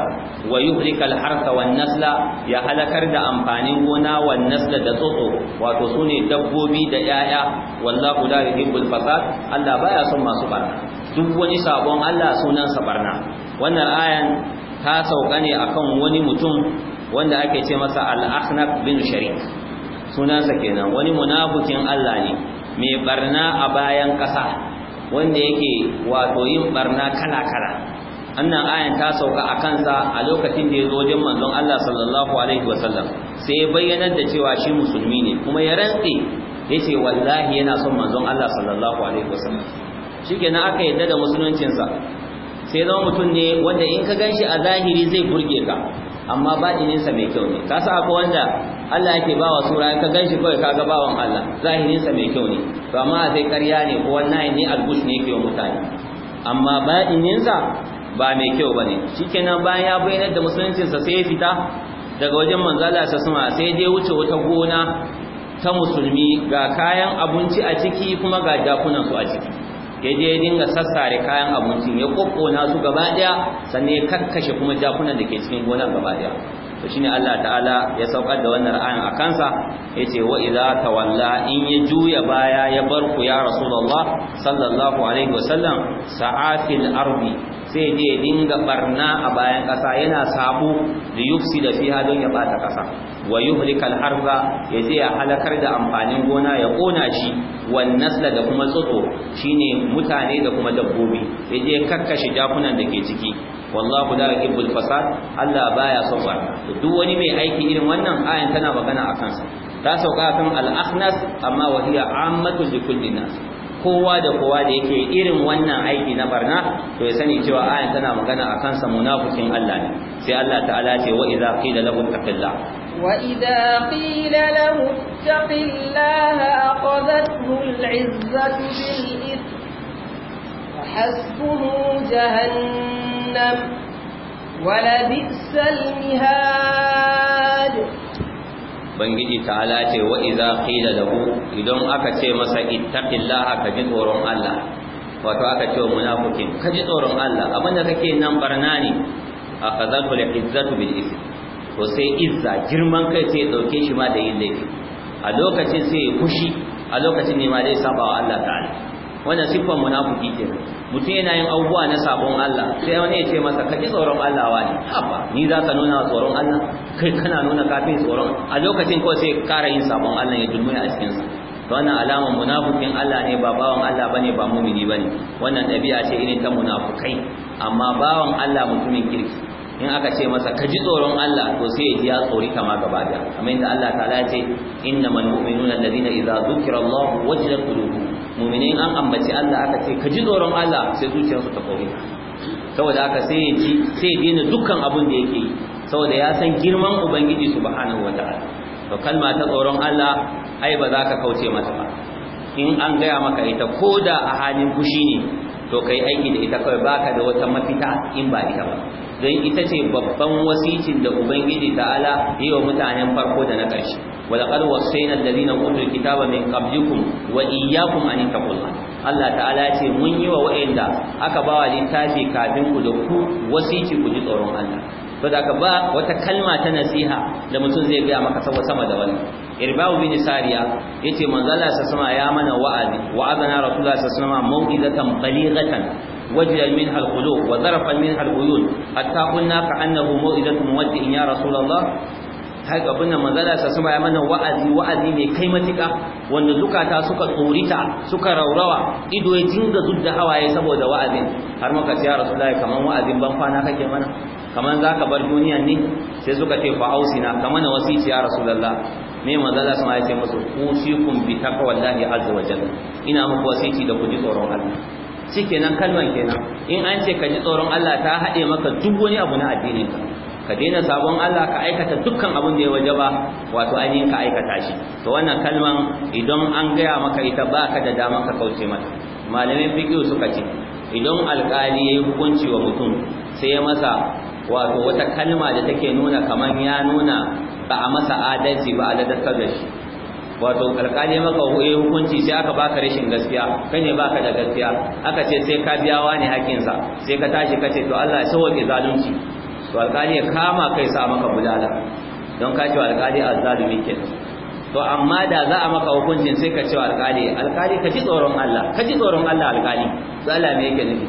wa yuhlikal harsa wan nasla ya halakar da amfanin gona wan nasla da tsotso wato sune dabbobi da yaya wallahu la yuhibbul fasad Allah baya son masu barna duk wani sabon Allah sunan sa barna wannan ayan ta sauka ne akan wani mutum wanda ake ce masa al-akhnaf bin sharik sunansa kenan wani munafikin Allah ne mai barna a bayan kasa wanda yake wato yin barna kala-kala annan ayan ta sauka a kansa a lokacin da ya zo wajen manzon Allah sallallahu alaihi wasallam sai ya bayyana da cewa shi musulmi ne kuma ya rantse yace wallahi yana son manzon Allah sallallahu alaihi wasallam shikenan aka yadda da musuluncin sa sai zama mutum ne wanda in ka ganshi a zahiri zai burge ka amma batinin sa mai kyau ne ka sa akwai wanda Allah yake bawa sura ka ganshi kawai kaga bawan Allah zahirin sa mai kyau ne to amma sai ƙarya ne ko wannan ne albus ne yake wa mutane amma batinin sa ba mai kyau ba ne shi kenan bayan ya bayyana da musuluncinsa sai ya fita daga wajen manzala sa suma sai je wuce wata gona ta musulmi ga kayan abinci a ciki kuma ga jakunan su a ciki ya je ya dinga sassare kayan abinci ya kokkona su gaba daya sannan ya kakkashe kuma jakunan da ke cikin gonar gaba daya to shine Allah ta'ala ya saukar da wannan ra'ayin a kansa yace wa idza tawalla in ya juya baya ya bar ya rasulullah sallallahu alaihi wasallam sa'atil ardi zai je dinga barna a bayan ƙasa yana sabo da yufsi da fiha don ya bata ƙasa wa yuhlikal harza ya je ya halakar da amfanin gona ya kona shi wan nasla da kuma tsotso shine mutane da kuma dabbobi ya je kakkashe jakunan da ke ciki wallahu la yuhibbul fasad Allah baya son barna duk wani mai aiki irin wannan ayan tana magana akan sa ta sauka kan al-akhnas amma wa hiya ammatul likulli nas kowa da kowa da yake irin wannan aiki na barna to ya sani cewa ayan tana magana a kansa munafikin Allah ne sai Allah ta'ala ce wa idza qila lahu taqilla wa idza qila lahu taqillaha aqadathu al'izzatu bil ithm wa hasbuhu jahannam wa la bi'sal mihad bangiji ta'ala ce wa idza qila lahu idan aka ce masa ittaqillaha ka ji tsoron Allah wato aka ce wa munafikin ka ji tsoron Allah abinda kake nan barna ne akhadhatu al-izzatu bil ism to sai izza girman kai sai dauke shi ma da yin laifi a lokacin sai ya kushi a lokacin ne ma zai saba wa Allah ta'ala wannan siffar munafiki ce. mutum yana yin abubuwa na sabon Allah sai wani ya ce masa ka ji tsoron Allah wani haba ni za ka nuna tsoron Allah kai kana nuna kafin tsoron a lokacin kawai sai kara yin sabon Allah ya dulmuya a cikin sa to wannan alaman munafikin Allah ne ba bawan Allah bane ba mumini bane wannan dabi'a ce irin ta munafukai amma bawan Allah mutumin kirki in aka ce masa ka ji tsoron Allah to sai ya ji ya tsori kama gaba da kamar yadda Allah ta'ala ya ce innamal mu'minuna alladhina idza dhukira Allah wajadat qulubuhum mumini an ambaci Allah aka ce ka ji tsoron Allah sai zuciyarsu ta kore saboda aka sai ya ji sai ya dukkan abin da yake yi saboda ya san girman ubangiji subhanahu wataala to kalma ta tsoron Allah ai ba za ka kauce mata ba in an gaya maka ita ko da a halin kushi ne to kai aiki da ita kawai baka da wata mafita in ba ita ba don ita ce babban wasicin da ubangiji ta'ala yi wa mutanen farko da na ƙarshe ولقد وصينا الذين اوتوا الكتاب من قبلكم واياكم ان تتقوا الله تعالى yace mun yi wa wa'inda aka bawa littafi kafin ku da ku wasici ku ji tsoron Allah to da ka ba wata kalma ta nasiha da mutum zai gaya maka saboda sama da wani. irbahu bin sariya yace manzo Allah sama ya mana wa'azi wa'azana rasulullah sallallahu alaihi wasallam mau'izatan balighatan وجل منها القلوب وذرفا منها العيون حتى قلنا كأنه موئدة مودع يا رسول الله har abin nan manzala sa sun ya mana wa'azi wa'azi mai kai matuka wanda zukata suka tsorita suka raurawa ido ya dinga zudda hawaye saboda wa'azi har muka ce ya rasulullahi kaman wa'azin ban kwana kake mana kaman zaka bar duniya ne sai suka ce fa ausina kaman wasici ya rasulullahi me manzala sa ya ce musu usikum bi taqwallahi azza wa jalla ina muku wasici da ku ji tsoron Allah shikenan kalman kenan in an ce ka ji tsoron Allah ta haɗe maka duk wani abu na addinin ka. ka daina sabon Allah ka aikata dukkan abin da ya wajaba wato ainihin ka aikata shi to wannan kalman idan an gaya maka ita baka da dama ka kauce mata malamin fiqh suka ce idan alƙali ya hukunci wa mutum sai ya masa wato wata kalma da take nuna kaman ya nuna ba a masa adalci ba a ladabtar da shi wato alƙali maka ya hukunci sai aka baka rashin gaskiya kai ne baka da gaskiya aka ce sai ka biya wani hakinsa sai ka tashi ka ce to Allah ya sauke zalunci to alƙali ya kama kai sa maka bulala don ka ce alƙali azzalumi kenan to amma da za a maka hukuncin sai ka ce alƙali alƙali ka ji tsoron Allah ka ji tsoron Allah alƙali to Allah me yake nufi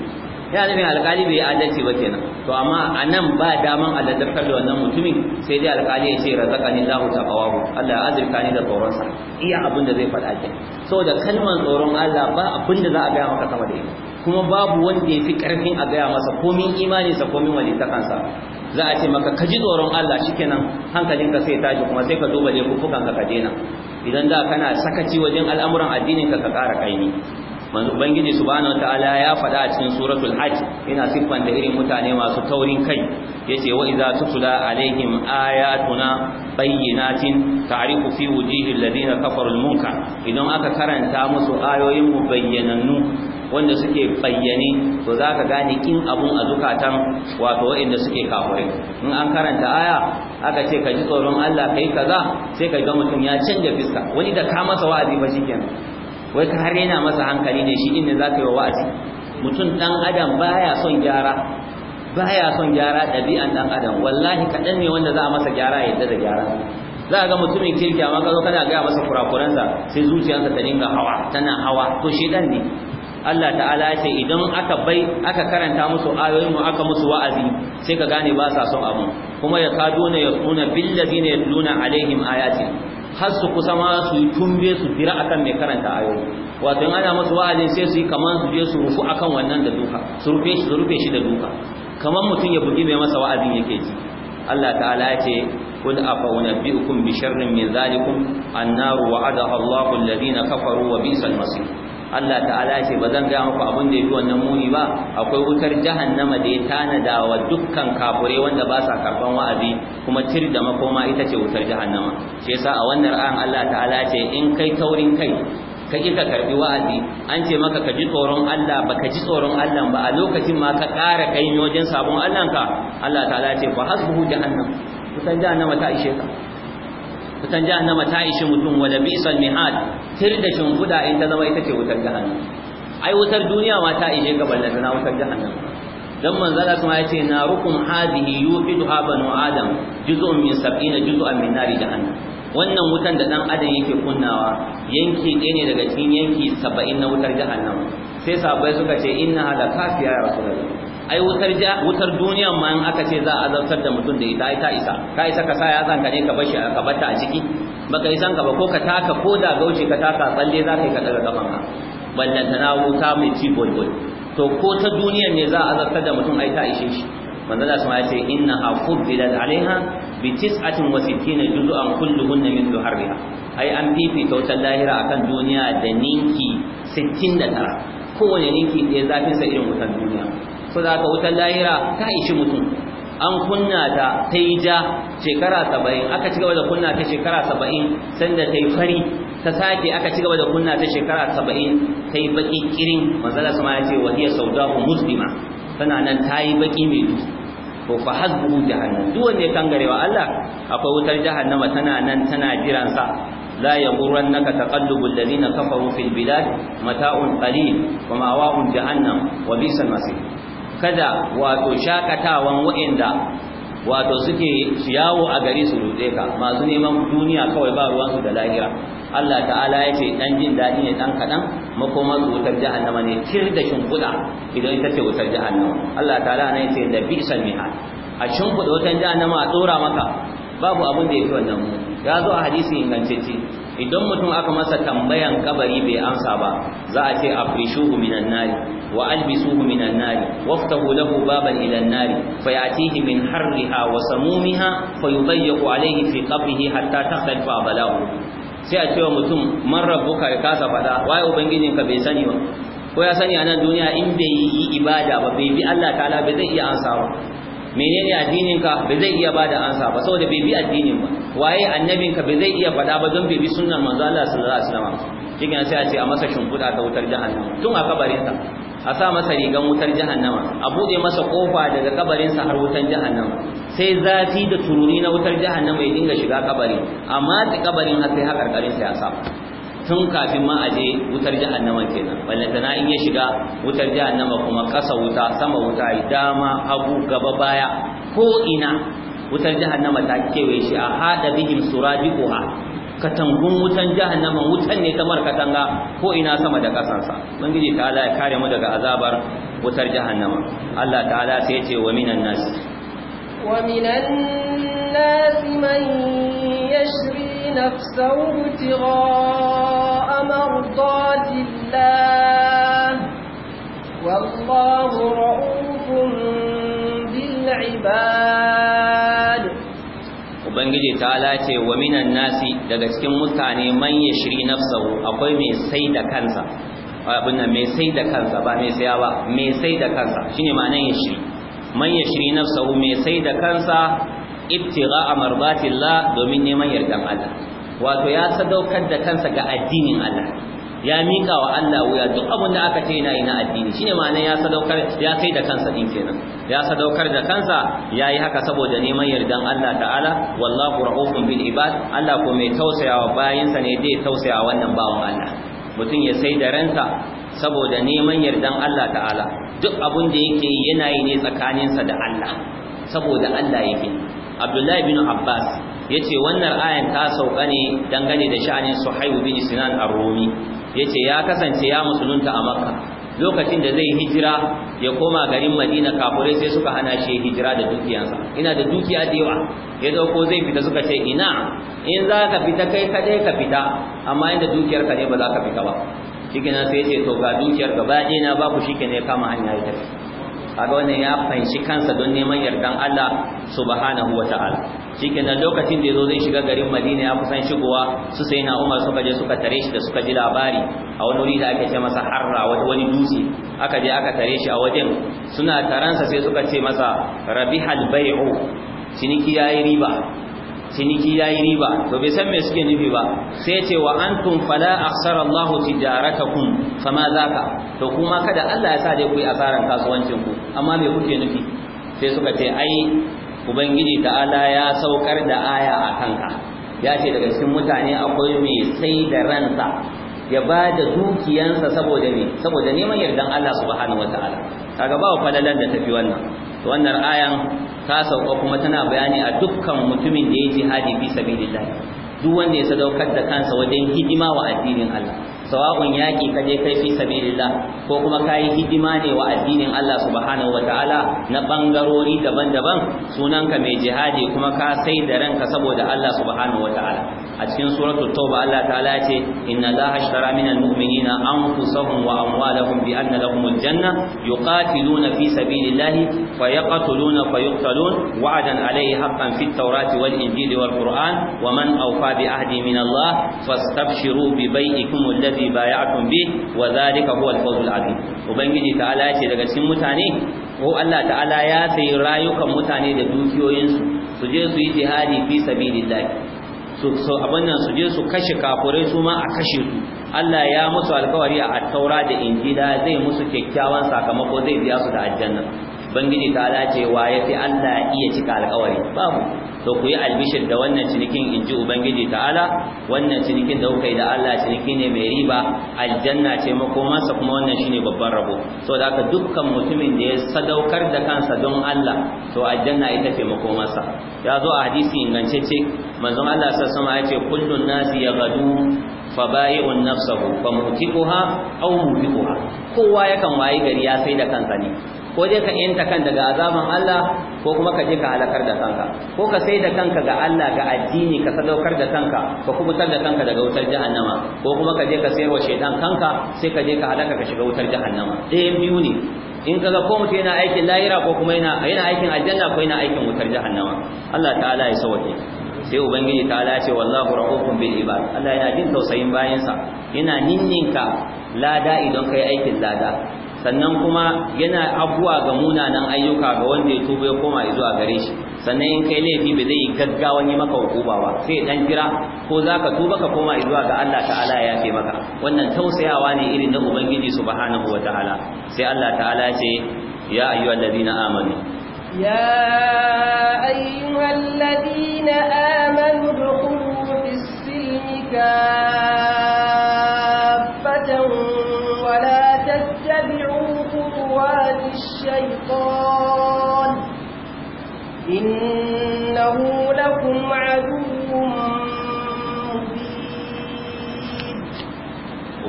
ya nufin alƙali bai adalci ba kenan to amma a nan ba daman Allah da wannan mutumin sai dai alƙali ya ce razaqani Allahu taqawahu Allah ya azurta ni da sa, iya abin da zai faɗa kenan saboda kalmar tsoron Allah ba abin da za a ga maka sama da ita kuma babu wanda ya fi ƙarfin a gaya masa komin imaninsa komin walittakansa za a ce maka ka ji tsoron Allah shikenan hankalinka sai tashi kuma sai ka duba laifukan ka daina idan da kana sakaci wajen al'amuran addininka ka ka ƙara kaini manzo ubangiji subhanahu wataala ya faɗa a cikin suratul hajj yana siffan da irin mutane masu taurin kai yace wa idza tutla alaihim ayatuna bayyinatin ta'rifu fi wujihi alladhina kafaru almunkar idan aka karanta musu ayoyin mu bayyanannu wanda suke bayyane to za ka gane kin abun a zukatan wato waɗanda suke kafirai in an karanta aya aka ce ka ji tsoron Allah ka yi kaza sai ka ga mutum ya canja fiska wani da ka masa wa'azi ba shikenan wai ka har yana masa hankali ne shi inda za ka yi wa wa'azi mutum dan adam baya son gyara baya son gyara ɗabi'an ɗan adam wallahi kaɗan ne wanda za a masa gyara yadda da gyara za a ga mutumin kirki amma ka zo kana gaya masa kurakuransa sai zuciyarsa ta dinga hawa tana hawa to shi ne Allah ta'ala ya ce idan aka bai aka karanta musu ayoyin mu aka musu wa'azi sai ka gane ba sa son abu kuma ya kaduna ya tsuna billazina yatluna alaihim ayati har su kusa ma su yi tumbe su fira akan mai karanta ayoyi wato in ana musu sai su yi kaman su je su rufu akan wannan da duka su rufe shi su rufe shi da duka kaman mutum ya bugi mai masa wa'azi yake ji Allah ta'ala ya ce قل أفأنبئكم بشر من ذلكم النار وعدها الله الذين كفروا وبئس المصير Allah ta'ala ce ba zan ga muku abin da yafi wannan muni ba akwai wutar jahannama da ya tanada wa dukkan kafure wanda ba sa karban wa'azi kuma tir da makoma ita ce wutar jahannama shi yasa a wannan ayan Allah ta'ala ce in kai taurin kai ka ka karbi wa'azi an ce maka ka ji tsoron Allah ba ka ji tsoron Allah ba a lokacin ma ka ƙara kai wajen sabon Allah ka Allah ta'ala ce fa hasbuhu jahannam kusan jahannama ta ishe ka wutan jahannama ta ishi mutum wa da bi'sal mihad tir da shimfuda in ta zama ita ce wutar jahannama ai wutar duniya ma ta ishe ga ballata na wutar jahannama dan manzo Allah kuma yace narukum hadhihi yuqiduha banu adam juz'un min sab'ina juz'an min nari jahannama wannan wutan da dan adam yake kunnawa yanki ɗaya ne daga cikin yanki 70 na wutar jahannama sai sahabbai suka ce inna la kafiya ya rasulullahi ai wutar wutar duniya ma in aka ce za a zartar da mutum da ita ta isa ka isa ka sa zan ka ne ka bashi shi ka bata a ciki baka isan ka ba ko ka taka ko da gauce ka taka tsalle za ka yi ka daga gaban ka ballantana wuta mai ci boy boy to ko ta duniya ne za a zartar da mutum ai ta ishe shi manzo da sama yace innaha fuddilat alaiha bi tis'atin wa sittina juz'an kulluhunna min duharriha ai an fifita wutar lahira akan duniya da ninki 69 kowane ninki zafin sa irin wutan duniya so da wutar wutan lahira ta ishi mutum an kunna ta ta yi ja shekara saba'in aka ci da kunna ta shekara saba'in sanda ta yi fari ta sake aka cigaba da kunna ta shekara saba'in ta yi kirin manzala sama ya ce wahiyar saudahu muslima tana nan ta yi baƙi mai fa hazbu jahannam duk wanda ya kangarewa Allah akwai wutar jahannama tana nan tana jiransa لا يغرنك تقلب الذين كفروا في البلاد متاع قليل ومأواهم جهنم وبئس المصير kada wato shakatawan wa'inda wato suke ciyawo a gari su rute ka masu neman duniya kawai ba ruwansu da lahira Allah ta'ala ya ce dan jin daɗi ne dan kaɗan makomar wutar jahannama ne kir da shimfiɗa idan ita ce wutar jahannama Allah ta'ala ne ce da bi'sal mihad a shimfiɗa wutar jahannama a tsora maka babu abin da ya fi wannan mu ya zo a hadisi ingantacce idan mutum aka masa tambayan kabari bai amsa ba za a ce afrishuhu minan nari wa albisuhu minan nari waftahu lahu baban ila nari fayatihi min harriha wa samumiha fayudayyaqu alayhi fi qabrihi hatta takhlifa balahu sai a cewa mutum man rabbuka ya kasa fada waye ka bai sani ba ko ya sani a nan duniya in bai yi ibada ba bai bi Allah ta'ala bai zai iya ansa ba menene addinin ka bai zai iya bada ansa ba saboda bai bi addinin ba waye annabin ka bai zai iya faɗa ba don bai bi sunnar manzo Allah sallallahu alaihi wasallam kiga sai a ce a masa shimfiɗa ta wutar jahannama tun a kabarinsa a sa masa rigan wutar jahannama a bude masa kofa daga kabarinsa har wutar jahannama sai zafi da tururi na wutar jahannama ya dinga shiga kabari amma ta kabarin har sai hakarkarin sa ya sa tun kafin ma a wutar jahannama kenan ballantana in ya shiga wutar jahannama kuma kasa wuta sama wuta dama hagu gaba baya ko ina wutar jahannama ta kewaye shi a hada bihim suradiquha katangun wutan jahannama wutan ne kamar katanga ko ina sama da kasansa ubangiji ta Allah ya kare mu daga azabar wutar jahannama Allah ta'ala sai ya ce wa minan nas wa minan nas man yashri نفسه ابتغاء مرضات الله والله رؤوف بالعباد Ubangiji ta lace wa minan nasi daga cikin mutane man ya shiri nafsahu akwai mai sai da kansa abin nan mai sai da kansa ba mai saya ba mai sai da kansa shine ma'anar ya shiri man ya shiri nafsahu mai sai da kansa ibtigha amarbatillah domin neman yardan Allah wato ya sadaukar da kansa ga addinin Allah ya mika wa Allah wuya duk abin da aka ce yana ina addini shine ma'anar ya sadaukar ya sai da kansa din kenan ya sadaukar da kansa yayi haka saboda neman yardan Allah ta'ala wallahu ra'ufun bil ibad Allah ko mai tausayawa bayinsa ne dai tausaya wannan bawan Allah mutum ya sai da ransa saboda neman yardan Allah ta'ala duk abin da yake yana yi ne tsakaninsa da Allah saboda Allah yake abdullahi bin abbas yace wannan ayan ta sauka ne dangane da sha'anin suhaibu bin sinan ar-rumi yace ya kasance ya musulunta a makka lokacin da zai hijira ya koma garin madina kafure sai suka hana shi hijira da dukiyansa ina da dukiya da yawa ya dauko zai fita suka ce ina in za ka fita kai kadai ka fita amma inda dukiyar ka ne ba za ka fita ba shikenan sai ya ce to ga dukiyar gaba ɗaya na babu shikenan ya kama hanya ya tafi kaga wannan ya fanshi kansa don neman yardan Allah subhanahu wataala shikenan lokacin da ya zo zai shiga garin Madina ya kusan shigowa su sai na Umar suka je suka tare shi da suka ji labari a wani wuri da ake ce masa Harra wani dutse aka je aka tare shi a wajen suna taransa sai suka ce masa Rabihal bai'u ciniki yayi riba ciniki ya yi riba to bai san me suke nufi ba sai ce wa antum fala akhsara Allah tijaratakum fama zaka to kuma kada Allah ya sa dai ku yi asaran kasuwancin ku amma me kuke nufi sai suka ce ai ubangiji ta'ala ya saukar da aya a kanka ya ce daga cikin mutane akwai mai sai da ransa ya ba da dukiyansa saboda ne saboda neman yardan Allah subhanahu wataala kaga ba falalan da tafi wannan to wannan ayan ta sauka kuma tana bayani a dukkan mutumin da ya jihadi fi sabilillah duk wanda ya sadaukar da kansa wajen hidima wa addinin Allah sawa'un yaki ka je kai fi sabilillah ko kuma kai hidima ne wa addinin Allah subhanahu wataala na bangarori daban-daban sunanka mai jihadi kuma ka sai da ranka saboda Allah subhanahu wataala a cikin suratul tauba Allah ta'ala ce inna la ashtara minal mu'minina anfusahum wa amwalahum bi anna lahumul janna yuqatiluna fi sabilillahi fayaqtuluna fayuqtalun wa'dan alayhi haqqan fit tawrati wal injili wal qur'an wa man awfa bi ahdi min Allah fastabshiru bi bai'ikum alladhi bay'atum bi wa dhalika huwa al azim ubangiji ta'ala ce daga cikin mutane ko Allah ta'ala ya sayi rayukan mutane da dukiyoyinsu su je su yi jihadi fi sabilillahi su abin nan su je su kashe kafurai su ma a kashe su Allah ya musu alƙawari a taura da injila zai musu kyakkyawan sakamako zai biya su da aljanna ubangiji ta dace wa yafi Allah iya cika alƙawari babu to ku yi albishir da wannan cinikin inji ubangiji ta'ala wannan cinikin da kuka yi da Allah ciniki ne mai riba aljanna ce makomansa kuma wannan shine babban rabo saboda haka dukkan mutumin da ya sadaukar da kansa don Allah to aljanna ita ce makomansa ya zo a hadisi ingancacce manzon Allah sallallahu alaihi wasallam ya ce kullun nasi yaghadu fabayi'un nafsahu famuhtiquha aw mubiquha kowa yakan wayi gari ya sai da kansa ne ko dai ka yanta kan daga azaban Allah ko kuma ka je ka halakar da kanka ko ka sai da kanka ga Allah ga addini ka sadaukar da kanka ka kubutar da kanka daga wutar jahannama ko kuma ka je ka sayarwa shaidan kanka sai ka je ka halaka ka shiga wutar jahannama ɗayan biyu ne in kaga ko mutum yana aikin lahira ko kuma yana yana aikin aljanna ko yana aikin wutar jahannama Allah ta'ala ya sauke sai ubangiji ta'ala ya ce wallahu rahufun bil ibad Allah yana jin tausayin bayansa yana ninninka lada idan kai aikin lada sannan kuma yana abuwa ga munanan ayyuka ga wanda ya tuba ya koma zuwa gare shi sannan in kai laifi ba zai yi gaggawa yi maka hukuba ba sai dan jira ko zaka tuba ka koma zuwa ga Allah ta'ala ya yafe maka wannan tausayawa ne irin na ubangiji subhanahu wataala sai Allah ta'ala ce ya ayyuhalladhina amanu ya ayyuhalladhina amanu dukhulu fis silmika الشيطان إنه لكم عدو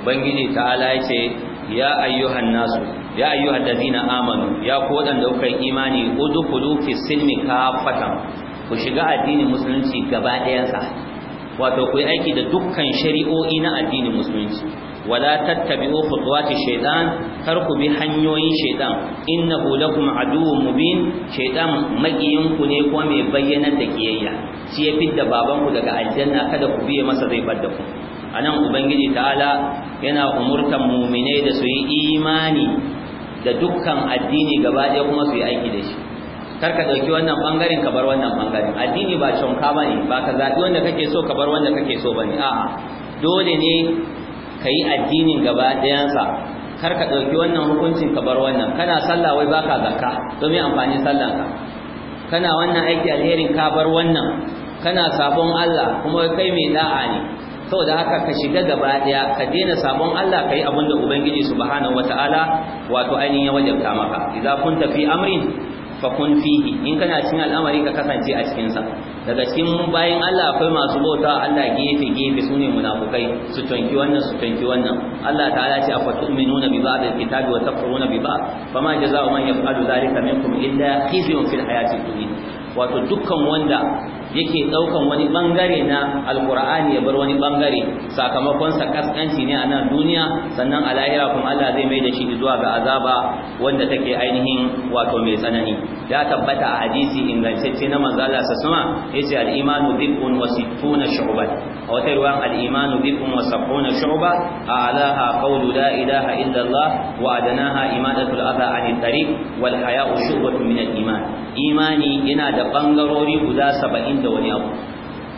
Ubangiji ta'ala ya ce, Ya ayyuhan nasu, ya ayyuhan dazina amanu, ya ku waɗanda kuka imani, udukulu fi silmi kafatan, ku shiga addinin musulunci gaba ɗayansa, wato ku yi aiki da dukkan shari'o'i na addinin musulunci. wala tattabi'u khutuwati shaytan kar ku bi hanyoyin In shaytan innahu lakum aduwwun mubin shaytan makiyin ku ne ko mai bayyana da kiyayya shi ya babanku daga aljanna kada ku biye masa zai bar da ku anan ubangiji ta'ala yana umurtan mu'minai da su imani da dukkan addini gaba ɗaya kuma su aiki da shi kar ka dauki wannan bangaren ka bar wannan bangaren addini ba shonka bane ba ka zabi wanda kake so ka bar wanda kake so bane a'a dole ne ka yi addinin gaba dayansa kar ka ɗauki wannan hukuncin ka bar wannan kana sallah wai baka zakka domin amfanin ka kana wannan aiki alherin ka bar wannan kana sabon Allah kuma kai mai da'a ne saboda haka ka shiga gaba daya ka daina sabon Allah kai abinda ubangiji subhanahu wataala wato ainihin ya wajabta maka idza kunta fi amrin fa kun fihi in kana cikin al'amari ka kasance a cikin sa daga cikin bayan Allah akwai masu bauta Allah gefe gefe sune munafukai su tanki wannan su wannan Allah ta'ala ce afa tu'minuna bi ba'd al-kitabi wa takfuruna bi ba'd fama jazaa'u man yaf'alu dhalika minkum illa khizyun fil hayati dunya wato dukkan wanda yake daukan wani bangare na alqur'ani ya bar wani bangare sakamakon sa kaskanci ne a nan duniya sannan a lahira kuma Allah zai mai da shi zuwa ga azaba wanda take ainihin wato mai tsanani ya tabbata a hadisi ingantacce na manzo Allah sama yace al-imanu dhibun wa sittuna shu'ban a wata ruwan al-imanu dhibun wa sab'una shu'ba a'laha qawlu la ilaha illa Allah wa adanaha imadatul adha 'anil tariq wal haya'u shu'batun min al-iman imani yana da bangarori guda saba'in da wani abu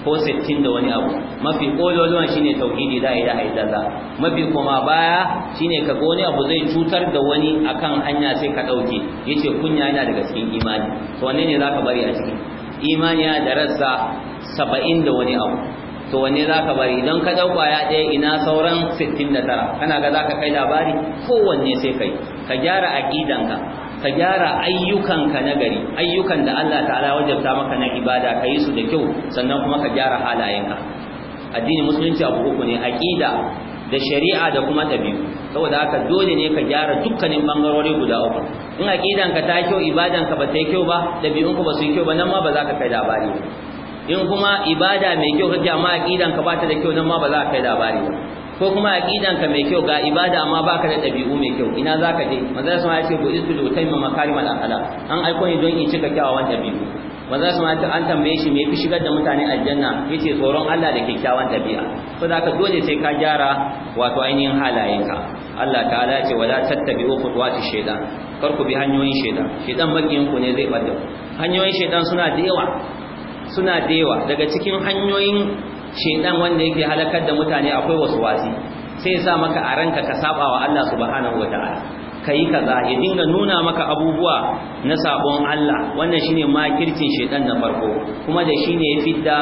ko sittin da wani abu mafi kololuwan shine tauhidi la ilaha illallah mafi kuma baya shine kaga wani abu zai cutar da wani akan hanya sai ka dauke yace kunya yana daga cikin imani to wanne ne zaka bari a cikin imani ya darasa saba'in da wani abu to wanne zaka bari idan ka dauka ya ɗaya ina sauran 69 kana ga zaka kai labari kowanne sai kai ka gyara aqidanka ka gyara ayyukanka na gari ayyukan da Allah ta'ala wajabta maka na ibada ka yi su da kyau sannan kuma ka gyara halayenka Addini musulunci abu uku ne aqida da shari'a da kuma ɗabi'u saboda haka dole ne ka gyara dukkanin bangarori guda uku in aqidanka ta kyau ibadanka ba ta kyau ba ɗabi'unka ba su kyau ba nan ma ba za ka kai labari in kuma ibada mai kyau kake amma aqidanka ba ta da kyau nan ma ba za ka kai labari ba ko kuma aqidanka mai kyau ga ibada amma baka da dabi'u mai kyau ina zaka je manzo sama ya ce bu istu utaimma makarimal akhlaq an aiko ni don in cika kyawawan dabi'u manzo sama ya ce an tambaye shi me fi shigar da mutane aljanna yace tsoron Allah da kyakkyawan dabi'a ko zaka dole sai ka gyara wato ainihin halayenka Allah ta'ala ya ce wala tattabi'u khutuwati shaytan kar ku bi hanyoyin shaytan shaytan bakiyin ku ne zai bada hanyoyin shaytan suna da yawa suna da yawa daga cikin hanyoyin shedan wanda yake halakar da mutane akwai wasu wasi sai ya sa maka a ranka ka saba wa Allah subhanahu wataala kai kaza ya dinga nuna maka abubuwa na sabon Allah wannan shine makircin shedan na farko kuma da shine ya fidda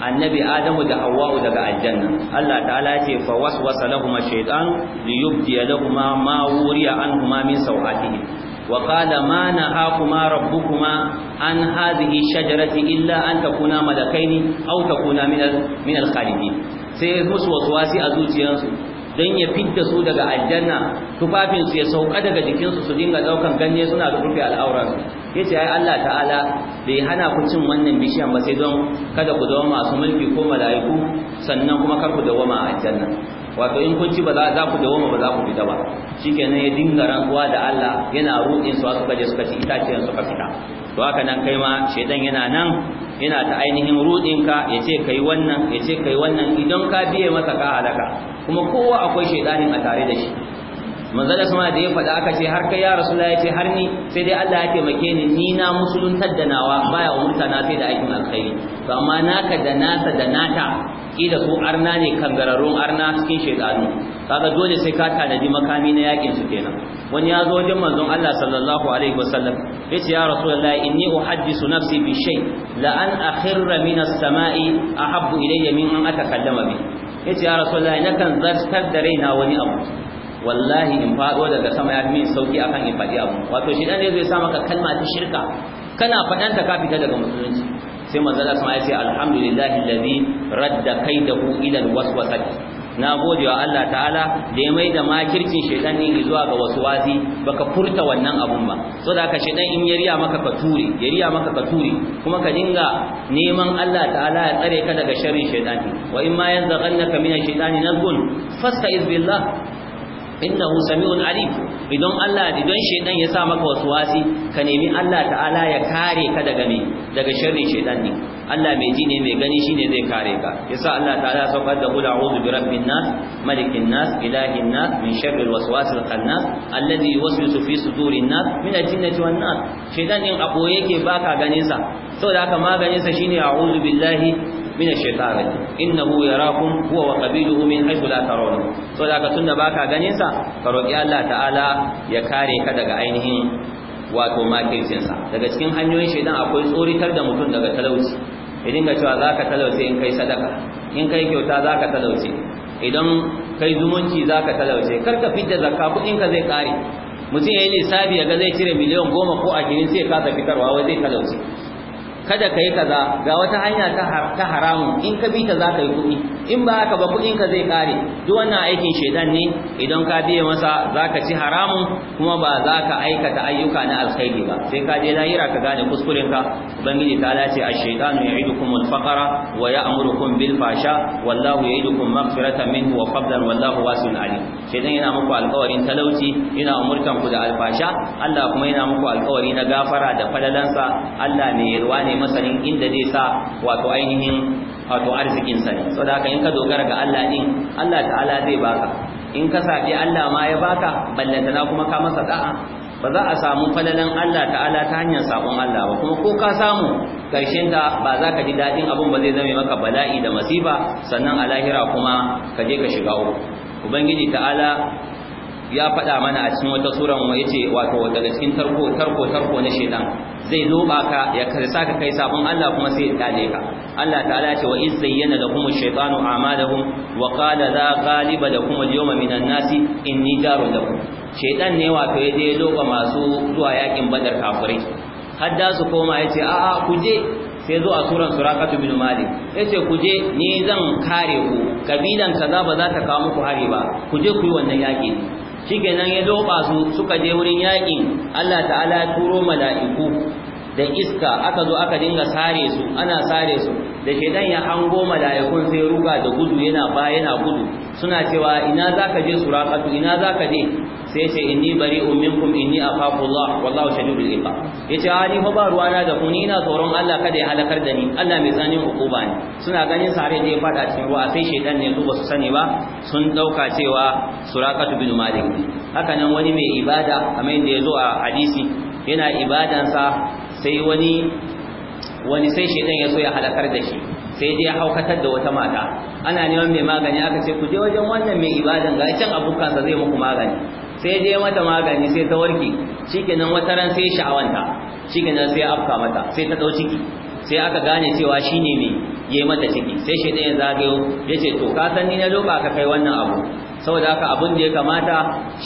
annabi Adamu da Hawwa daga aljanna Allah ta'ala ya ce fa waswasa lahumu shaytan liyubdi lahumu ma wuriya anhuma min sawatihim وقال ما نهاكما ربكما an هذه الشجرة إلا illa an takuna أو تكونا من من الخالدين sai musu waswasi a zuciyarsu don ya fidda su daga aljanna tufafinsu ya sauka daga jikinsu su dinga ɗaukan ganye suna da rufe al'auransu yace ai Allah ta'ala bai hana ku cin wannan bishiyar ba sai don kada ku zama masu mulki ko mala'iku sannan kuma kar ku dawama a aljanna wato in kun ci ba za ku dawoma ba za ku fita ba shikenan ya dinga rantsuwa da Allah yana rudin su suka je suka ci itaciyar suka fita to haka nan kai ma shedan yana nan yana ta ainihin rudin ka ce kai wannan yace kai wannan idan ka biye masa ka halaka kuma kowa akwai shedanin a tare da shi manzala sama da ya faɗa aka ce har kai ya rasu ya ce har ni sai dai Allah ya taimake ni ni na musuluntar da nawa baya umurta na sai da aikin alkhairi to amma naka da nasa da nata kila su arna ne kangararrun arna cikin shedanu kaga dole sai ka tanadi makami na yakin su kenan wani ya zo wajen manzon Allah sallallahu alaihi wasallam yace ya rasulullah inni uhaddisu nafsi bi shay la an akhirra min as-sama'i ahabbu ilayya min an atakallama bi yace ya rasulullah nakan zartar da raina wani abu wallahi in faɗo daga sama ya fi min sauki akan in faɗi abu wato shi dan ne zai sa maka kalma ta shirka kana faɗan ta ka fita daga musulunci sai manzon sama ya ce alhamdulillahi alladhi radda kaidahu ila alwaswasati na gode wa Allah ta'ala da ya mai da makircin shaitan ne zuwa ga wasu wazi baka furta wannan abun ba so da ka shaitan in ya riya maka ka ture ya riya maka ka ture kuma ka dinga neman Allah ta'ala ya tsare ka daga sharrin shaitan wa in ma yanzaghannaka min ash-shaytani nazghun fasta'iz billah innahu sami'un alim idan Allah idan shedan ya sa maka wasi, ka nemi Allah ta'ala ya kare ka daga me daga sharrin shedan ne Allah mai ji ne mai gani shine zai kare ka yasa Allah ta'ala ya saukar da kula a'udhu bi rabbin nas malikin nas ilahin nas min sharril waswasil khannas alladhi yuwaswisu fi sudurin nas min al-jinnati wan nas shedan din a boye yake baka ganin sa saboda haka maganin sa shine a'udhu billahi من الشيطان انه يراكم هو وقبيله wa حيث لا ترون la tarawun to da ka tunda baka ganin sa ka roki Allah ta'ala ya kare ka daga ainihin wato makircin sa daga cikin hanyoyin shaytan akwai tsoritar da mutum daga talauci ya ka cewa zaka talauce in kai sadaka in kai kyauta zaka talauce idan kai zumunci zaka talauce kar ka fidda zakka kudin ka zai kare mutum yayi lissafi ga zai cire miliyan goma ko 20 sai ka fitarwa wai zai talauce kada kai kaza ga wata hanya ta ta haramun in ka bi ta za ka yi kuɗi in ba haka ba kuɗin ka zai kare duk wannan aikin shedan ne idan ka biye masa za ka ci haramun kuma ba za ka aikata ayyuka na alkhairi ba sai ka je lahira ka gane kuskuren ka ubangiji ta lace ash-shaytanu ya'idukum al-faqra wa ya'murukum bil fasha wallahu ya'idukum maghfiratan minhu wa fadlan wallahu wasi'un alim shedan yana muku alƙawarin talauci yana umurtan ku da alfasha Allah kuma yana muku alƙawari na gafara da falalansa Allah ne yarwa ne ne masanin inda zai sa wato ainihin wato arzikin sa ne saboda haka in ka dogara ga Allah din Allah ta'ala zai baka in ka sabi Allah ma ya baka ballanta na kuma ka masa da'a ba za a samu falalan Allah ta'ala ta hanyar sabon Allah ba kuma ko ka samu karshen da ba za ka ji daɗin abun ba zai zame maka bala'i da masifa sannan a lahira kuma ka je ka shiga uku ubangiji ta'ala ya faɗa mana a cikin wata sura mu yace wato daga cikin tarko tarko tarko na shedan zai zo ka ya karsa ka kai sabon Allah kuma sai ya dale ka Allah ta'ala ce wa iz zayyana lakum ash-shaytanu a'malahum wa qala za qaliba lakum al-yawma minan nasi inni jarun lakum shedan ne wato ya je doka masu zuwa yakin badar kafirai hadda su koma yace a'a ku je sai zo a suran surakatu bin malik yace ku je ni zan kare ku kabilan kaza ba za ta kawo muku hari ba ku je ku yi wannan yaki shikenan ya doba su suka je wurin yaƙin Allah ta'ala ya turo mala'iku da iska aka zo aka dinga sare su ana sare su da shedan ya hango mala'ikun sai ruga da gudu yana ba yana gudu suna cewa ina zaka je suraqatu ina zaka je sai yace inni bari'un minkum inni akhafullah wallahu shadidul iqab yace ani fa ba ruwana da ku ni ina tsoron Allah kada ya halakar da ni Allah mai tsanin hukuma ne suna ganin sare da ya fada cikin ruwa sai shedan ne su ba su sani ba sun dauka cewa suraqatu bin malik haka nan wani mai ibada kamar yadda ya zo a hadisi yana ibadansa sai wani wani sai shedan ya so ya halakar da shi sai dai ya haukatar da wata mata ana neman mai magani aka ce ku je wajen wannan mai ibadan ga can abokansa zai muku magani sai je mata magani sai ta warke shikenan wata ran sai sha'awanta nan sai afka mata sai ta dau ciki sai aka gane cewa shine me yayi mata ciki sai shi ya zagayo yace to ka san ni na doka ka kai wannan abu saboda haka abin da ya kamata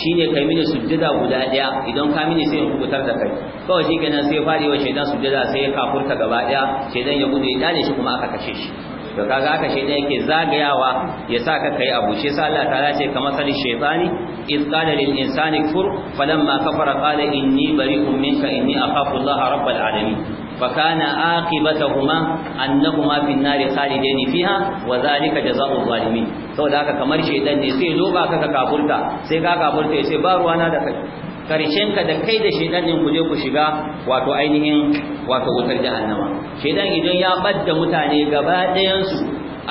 shine kai mini sujjada guda daya idan ka mini sai in kubutar da kai kawai nan sai faɗiwa shaidan sujjada sai ya kafurta gaba daya shaidan ya gudu ya dane shi kuma aka kashe shi to kaga aka shaytan yake zagayawa ya sa ka kai abu shi yasa Allah ce kamar sani shaytani iz qala lil insani kfur falamma kafara qala inni bari'un minka inni akhafu Allah rabbal alamin فكان عاقبتهما انهما في النار خالدين فيها وذلك جزاء الظالمين saboda haka kamar shaidan ne sai zo ba ka kafurta sai ka kafurta sai ba ruwana da kai karshen ka da kai da shedan din ku je ku shiga wato ainihin wato wutar jahannama shedan idan ya badda mutane gaba ɗayan su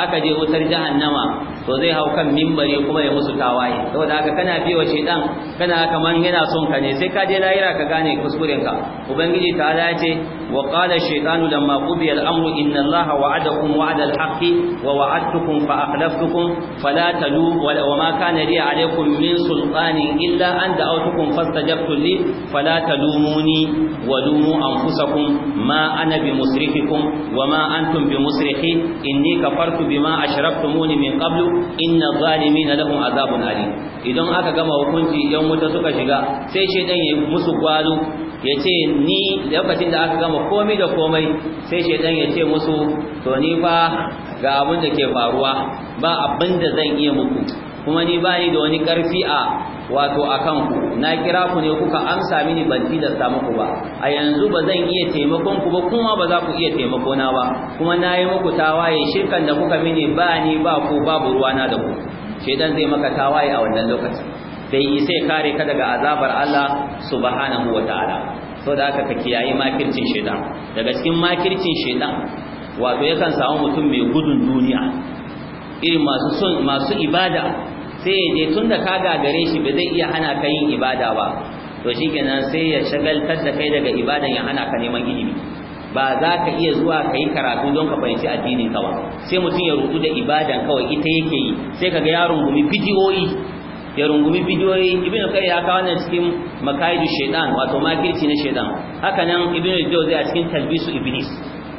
aka je wutar jahannama to zai hau kan mimbari kuma ya musu tawaye saboda haka kana biyo shedan kana kaman yana son ka ne sai ka je lahira ka gane kuskuren ka ubangiji ta ala ce wa qala shaytanu lamma qudiya al-amru inna allaha wa'adakum wa'ada al-haqqi wa wa'adtukum fa akhlaftukum fala talu wa ma kana li alaykum min sultani illa an da'awtukum fastajabtu li fala talumuni wa lumu anfusakum ma ana bi musrifikum wa ma antum bi musrihi inni kafartu bima ashraftumuni min qablu inna zalimin lahum azabun alim idan aka gama hukunci yan wuta suka shiga sai shedan ya musu gwalo ya ce ni lokacin da aka gama komai da komai sai shedan ya ce musu to ni fa ga abin da ke faruwa ba abin da zan iya muku kuma ni bani da wani karfi a wato akan ku na kira ku ne kuka amsa mini ban tilasta muku ba a yanzu ba zan iya taimakon ku ba kuma ba za ku iya taimako na ba kuma na yi muku tawaye shirkan da kuka mini ba ni ba ku babu ruwana da ku shedan zai maka tawaye a wannan lokaci bai yi sai kare ka daga azabar Allah subhanahu wataala so da haka ka kiyaye makircin shedan daga cikin makircin shedan wato yakan samu mutum mai gudun duniya irin masu son masu ibada sai ya je da ka gare shi ba zai iya hana ka yin ibada ba to shi shikenan sai ya shagaltar da kai daga ibadan ya hana ka neman ilimi ba za ka iya zuwa ka yi karatu don ka fahimci addinin ka sai mutum ya rutu da ibadan kawai ita yake yi sai kaga ya rungumi bidiyoyi ya rungumi bidiyoyi ibn kai ya kawo nan cikin makaidu shaitan wato makirci na shaitan haka nan ibn jawzi a cikin talbisu iblis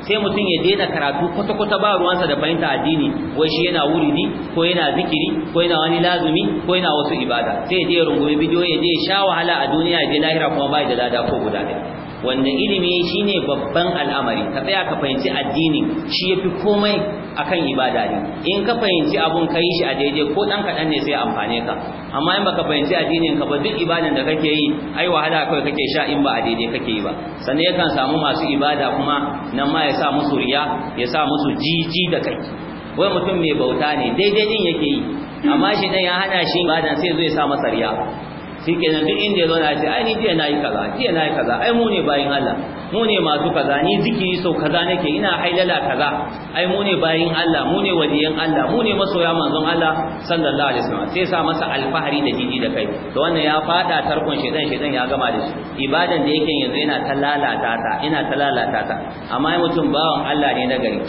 sai mutum ya daina karatu kwata kwata ba ruwansa da fahimta addini wai shi yana wuri ne ko yana zikiri ko yana wani lazumi ko yana wasu ibada sai ya je rungumi bidiyo ya je sha wahala a duniya ya je lahira kuma ba da lada ko guda ɗaya wanda ilimi shi ne babban al'amari ka tsaya ka fahimci addini shi ya fi komai akan ibada ne in ka fahimci abun ka yi shi a daidai ko ɗan kaɗan ne sai amfane ka amma in baka fahimci addinin ka ba duk ibadan da kake yi ai wahala kawai kake sha in ba a daidai kake yi ba sannan yakan samu masu ibada kuma nan ma ya sa musu riya ya sa musu jiji da kai wai mutum mai bauta ne daidai din yake yi amma shi dan ya hana shi ibadan sai zo ya sa masa riya shi nan duk inda ya zo na ce ai ni jiya nayi kaza jiya nayi kaza ai mu ne bayin Allah mu ne masu kaza ni zikiri sau kaza nake ina hailala kaza ai mu ne bayin Allah mu ne wadiyan Allah mu ne masoya manzon Allah sallallahu alaihi wasallam sai sa masa alfahari da jiji da kai to wannan ya fada tarkon shedan shedan ya gama da shi ibadan da yake yanzu yana ta lalata ta ina ta lalata ta amma mutum bawan Allah ne na gari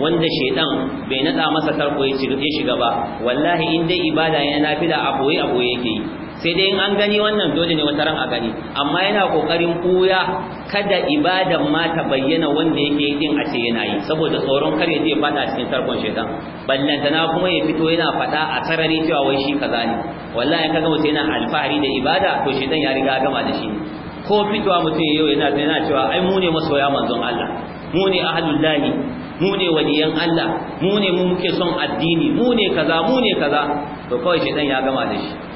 wanda shedan bai nada masa tarko ya shiga ba wallahi in dai ibada yana nafila a aboye yake yi sai dai in an gani wannan dole ne wata ran a gani amma yana kokarin buya kada ibadan ma ta bayyana wanda yake din a ce yana yi saboda tsoron kar ya je fada cikin tarkon shaitan na kuma ya fito yana fada a sarari cewa wai shi kaza ne wallahi kaga mutum yana alfahari da ibada to shaitan ya riga gama da shi ko fitowa mutum yau yana yana cewa ai mu ne masoya manzon Allah mu ne ahlullahi mu ne waliyan Allah mu ne mu muke son addini mu ne kaza mu ne kaza to kawai shaitan ya gama da shi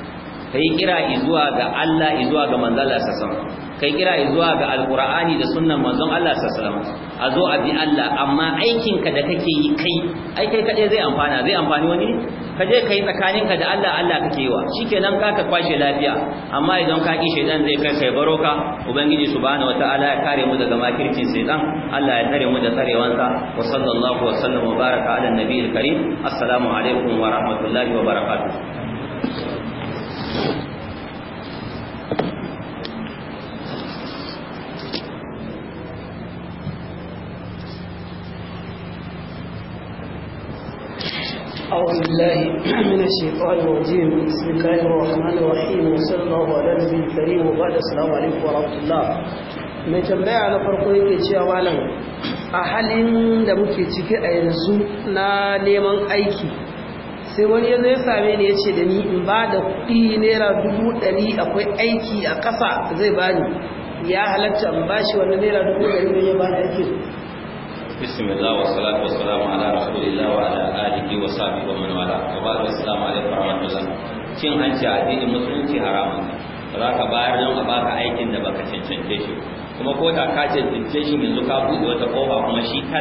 kai kira zuwa ga Allah zuwa ga manzon Allah sallallahu alaihi wasallam kai kira zuwa ga alqur'ani da sunnan manzon Allah sallallahu alaihi wasallam a zo a bi Allah amma aikin ka da kake yi kai ai kai kaje zai amfana zai amfani wani ka je kai tsakaninka da Allah Allah kake yi wa shikenan ka ka kwashe lafiya amma idan ka ki shedan zai kai kai baroka ubangiji subhanahu wataala ya kare mu daga makircin shedan Allah ya tare mu da tsarewansa wa sallallahu wa sallam baraka ala nabiyil karim assalamu alaikum wa rahmatullahi wa barakatuh أعوذ بالله <clears throat> من الشيطان الرجيم بسم الله الرحمن الرحيم وصلى الله على نبي الكريم وبعد السلام عليكم ورحمة الله mai tambaya na farko yake cewa malam a halin da muke ciki a yanzu na neman aiki sai wani yanzu ya same ni ya ce da ni in ba da kuɗi naira dubu ɗari akwai aiki a ƙasa zai bani ya halatta in ba shi wani naira dubu ɗari ne ya ba da aiki بسم الله والصلاة والسلام على رسول الله وعلى آله وصحبه ومن والاه وبعد السلام عليكم ورحمة الله cin hanci a cikin musulunci haramun za ka bayar don a ka aikin da baka cancance shi kuma ko ta ka cancance shi yanzu ka buɗe wata kofa kuma shi ka.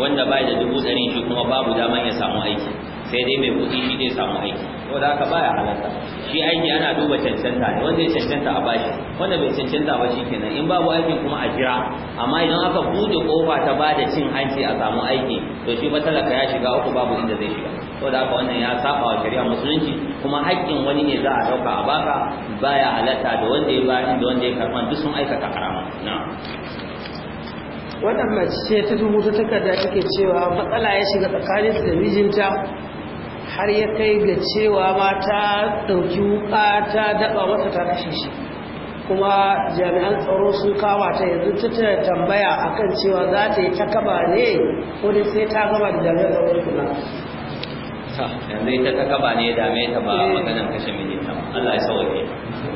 wanda bai da dubu ɗari shi kuma babu daman ya samu aiki sai dai mai kuɗi shi zai samu aiki saboda haka baya halatta shi aiki ana duba cancanta ne wanda ya cancanta a bashi wanda bai cancanta ba shi kenan in babu aiki kuma a jira amma idan aka bude kofa ta bada cin hanci a samu aiki to shi talaka ya shiga uku babu inda zai shiga saboda haka wannan ya saba wa shari'a musulunci kuma haƙƙin wani ne za a dauka a baka baya halatta da wanda ya bayar da wanda ya karɓa duk sun aikata harama na'am wannan mace ce ta rubuta takarda take cewa matsala ya shiga tsakaninta da mijinta har ya kai ga cewa ma ta ɗauki wuƙa ta daɓa masa ta kashe shi kuma jami'an tsaro sun kama ta yanzu ta tambaya akan cewa za ta yi ta kaba ne ko sai ta gama da jami'an tsaro kuna yanzu ita ta kaba ne dame ta ba eh. maganan kashe mijinta Allah ya sauke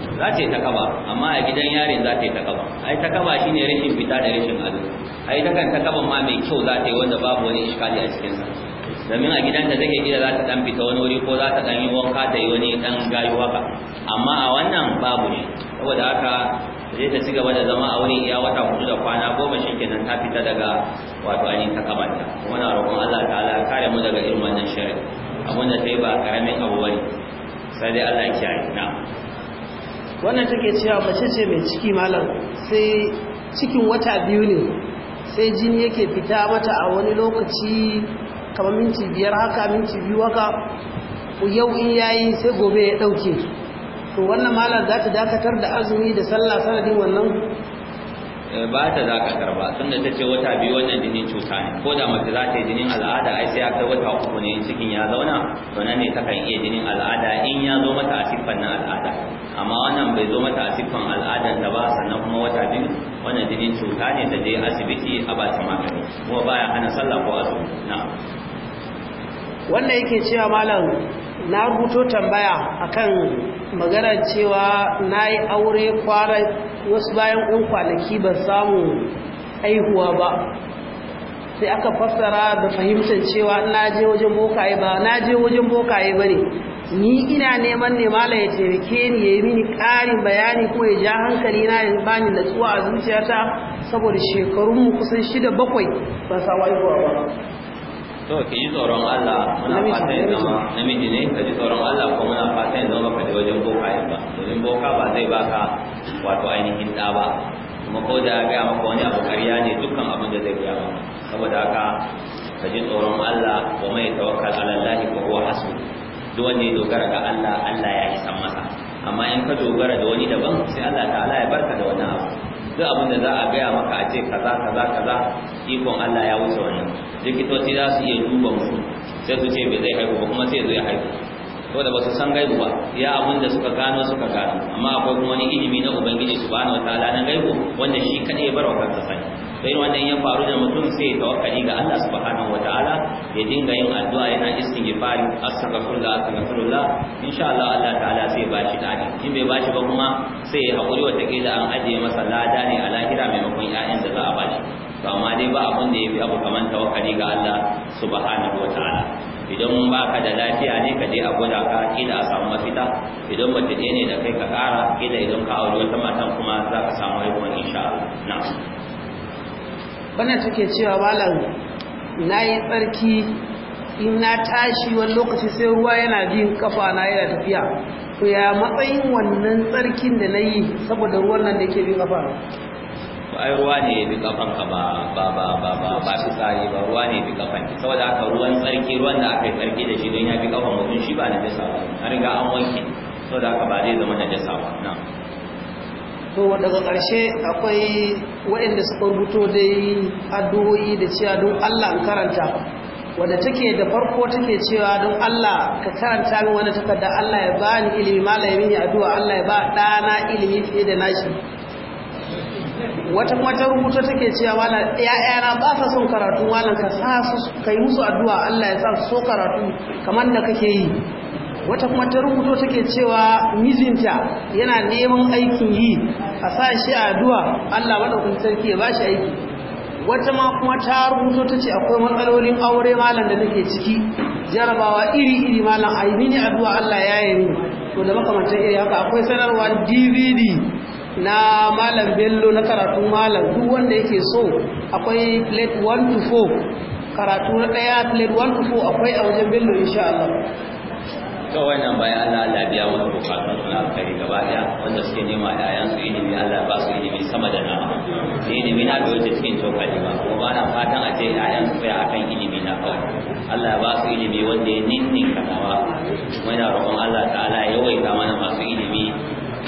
za ta yi ta kaba amma a gidan yarin za ta yi ta kaba ai ta kaba shine rashin fita da rashin azu ai ta kan ta kaba ma mai kyau za ta yi wanda babu wani iskali a cikin sa domin a gidanta take gida za ta dan fita wani wuri ko za ta dan yi wanka ta yi wani dan gayu haka amma a wannan babu ne saboda haka zai ta ci gaba da zama a wurin iya wata hudu da kwana goma shi kenan ta fita daga wato ainihin takamanta kuma na roƙon Allah ta'ala kare mu daga irin wannan shirin abin da ta yi ba karamin abu bane sai dai Allah ya kiyaye na wannan take cewa mace ce mai ciki malam sai cikin wata biyu ne sai jini yake fita mata a wani lokaci kamar minti biyar haka minti biyu haka yau in yayi sai gobe ya ɗauke to wannan malam za ta dakatar da azumi da sallah sanadin wannan eh, ba ta dakatar ba tunda ta ce wata biyu wannan jinin cuta ne ko da mace za ta yi jinin al'ada ai sai aka wata uku ne cikin ya zauna to nan ne takan iya jinin al'ada in ya zo mata a siffan na al'ada amma wannan bai zo mata a siffan al'adan ta ba sannan kuma wata biyu wannan jinin cuta ne ta je asibiti a ba ta magani kuma baya hana sallah ko azumi na'am wanda yake cewa malam na rubuto tambaya akan maganar cewa na yi aure kwara wasu bayan unkwanaki, kwanaki ban samu aihuwa ba sai aka fassara da fahimtar cewa na je wajen bokaye ba na je wajen bokaye ba ne ni ina neman ne mala ya taimake ni ya yi mini ƙarin bayani ko ya ja hankali na yin bani natsuwa a zuciyata saboda shekarunmu kusan shida bakwai ban samu aihuwa ba to ki ji tsoron Allah muna fata ya zama namiji ne ka ji tsoron Allah ko muna fata ya zama ka je wajen boka ya ba domin boka ba zai baka wato ainihin da ba kuma ko da ya gaya maka wani abu ƙarya ne dukkan abin da zai gaya maka saboda haka ka ji tsoron Allah ko mai tawakkal ala Allah ko huwa hasbu duk wanda ya dogara ga Allah Allah ya san masa amma in ka dogara da wani daban sai Allah ta'ala ya barka da wani abu duk abin da za a gaya maka a ce kaza kaza kaza ikon Allah ya wuce wannan likitoci za su iya duba mutum sai su ce bai zai haihu ba kuma sai zai haihu ko ba basu san gaibu ba ya abin da suka gano suka gano amma akwai kuma wani ilimi na ubangiji subhanahu wataala na gaibu wanda shi kadai ya bar wa kansa sani sai wannan ya faru da mutum sai ya tawakkali ga Allah subhanahu wataala ya dinga yin addu'a yana istighfar astaghfirullah astaghfirullah insha Allah Allah ta'ala sai ba shi dadi in bai ba shi ba kuma sai ya hakuri wata kila an ajiye masa lada ne a lahira maimakon ƴaƴan da za a ba shi to amma dai ba abun da yafi abu kaman tawakkali ga Allah subhanahu wataala idan ba ka da lafiya ne ka je a gwada ka kila a samu mafita idan mace ne da kai ka kara kila idan ka auri wata matan kuma za ka samu haihuwa insha Allah na'am bana take cewa malam na yi tsarki in na tashi wani lokaci sai ruwa yana bin kafa na yana tafiya to ya matsayin wannan tsarkin da na yi saboda ruwan nan da ke bin kafa ai ruwa ne bin kafan ka ba ba ba ba ba ba fitsari ba ruwa ne bin kafan ki saboda haka ruwan tsarki ruwan da aka yi tsarki da shi don ya bi kafan mutum shi ba na jasa ba an riga an wanke saboda haka ba zai zama na jasa ba na'am to daga ƙarshe akwai waɗanda suka rubuto dai addu'o'i da cewa don Allah in karanta wadda take da farko take cewa don Allah ka karanta min wani takarda Allah ya ba ni ilimi malamin ya addu'a Allah ya ba ɗana ilimi fiye da nashi wata wata rubuta take cewa malam ƴaƴana ba sa son karatu wala ka sa su kai musu addu'a Allah ya sa su so karatu kamar da kake yi wata kuma ta rubuto take cewa mijinta yana neman aikin yi a sa shi a addu'a Allah madaukakin sarki ya bashi aiki wata ma kuma ta rubuto tace akwai matsalolin aure malam da nake ciki jarabawa iri iri malam ai mini addu'a Allah ya yi ni to da makamantan iri haka akwai sanarwa DVD na malam bello na karatu malam duk wanda yake so akwai plate 1 to 4 karatu na daya plate 1 to 4 akwai a wajen bello insha Allah kawai nan bayan Allah Allah biya musu bukatun suna na gaba ɗaya wanda suke nema yayan su ilimi Allah ba su ilimi sama da na ilimi na bai wuce cikin cokali ba kuma ba na fatan a ce yayan su akan ilimi na kawai Allah ba su ilimi wanda ya ninnin kamawa kuma ina roƙon Allah ta'ala ya yawaita mana masu ilimi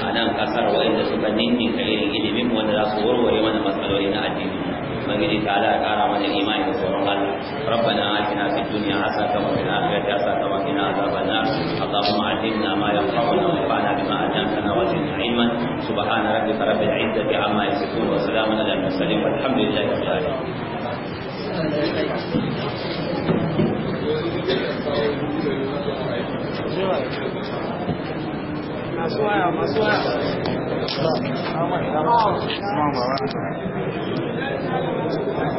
a nan kasar waɗanda suka ninnin ka irin ilimin wanda za su warware mana matsaloli na addini ubangiji ta ala kara mana imani da tsoron Allah rabbana atina fid dunya hasanatan wa fil akhirati hasanatan wa qina adhaban nar allahumma allimna ma yanfa'una wa fa'na bima allamtana wa zidna ilman subhana rabbika rabbil izzati amma yasifun wa salamun ala mursalin walhamdulillahi rabbil alamin Maswaya, maswaya. Thank you.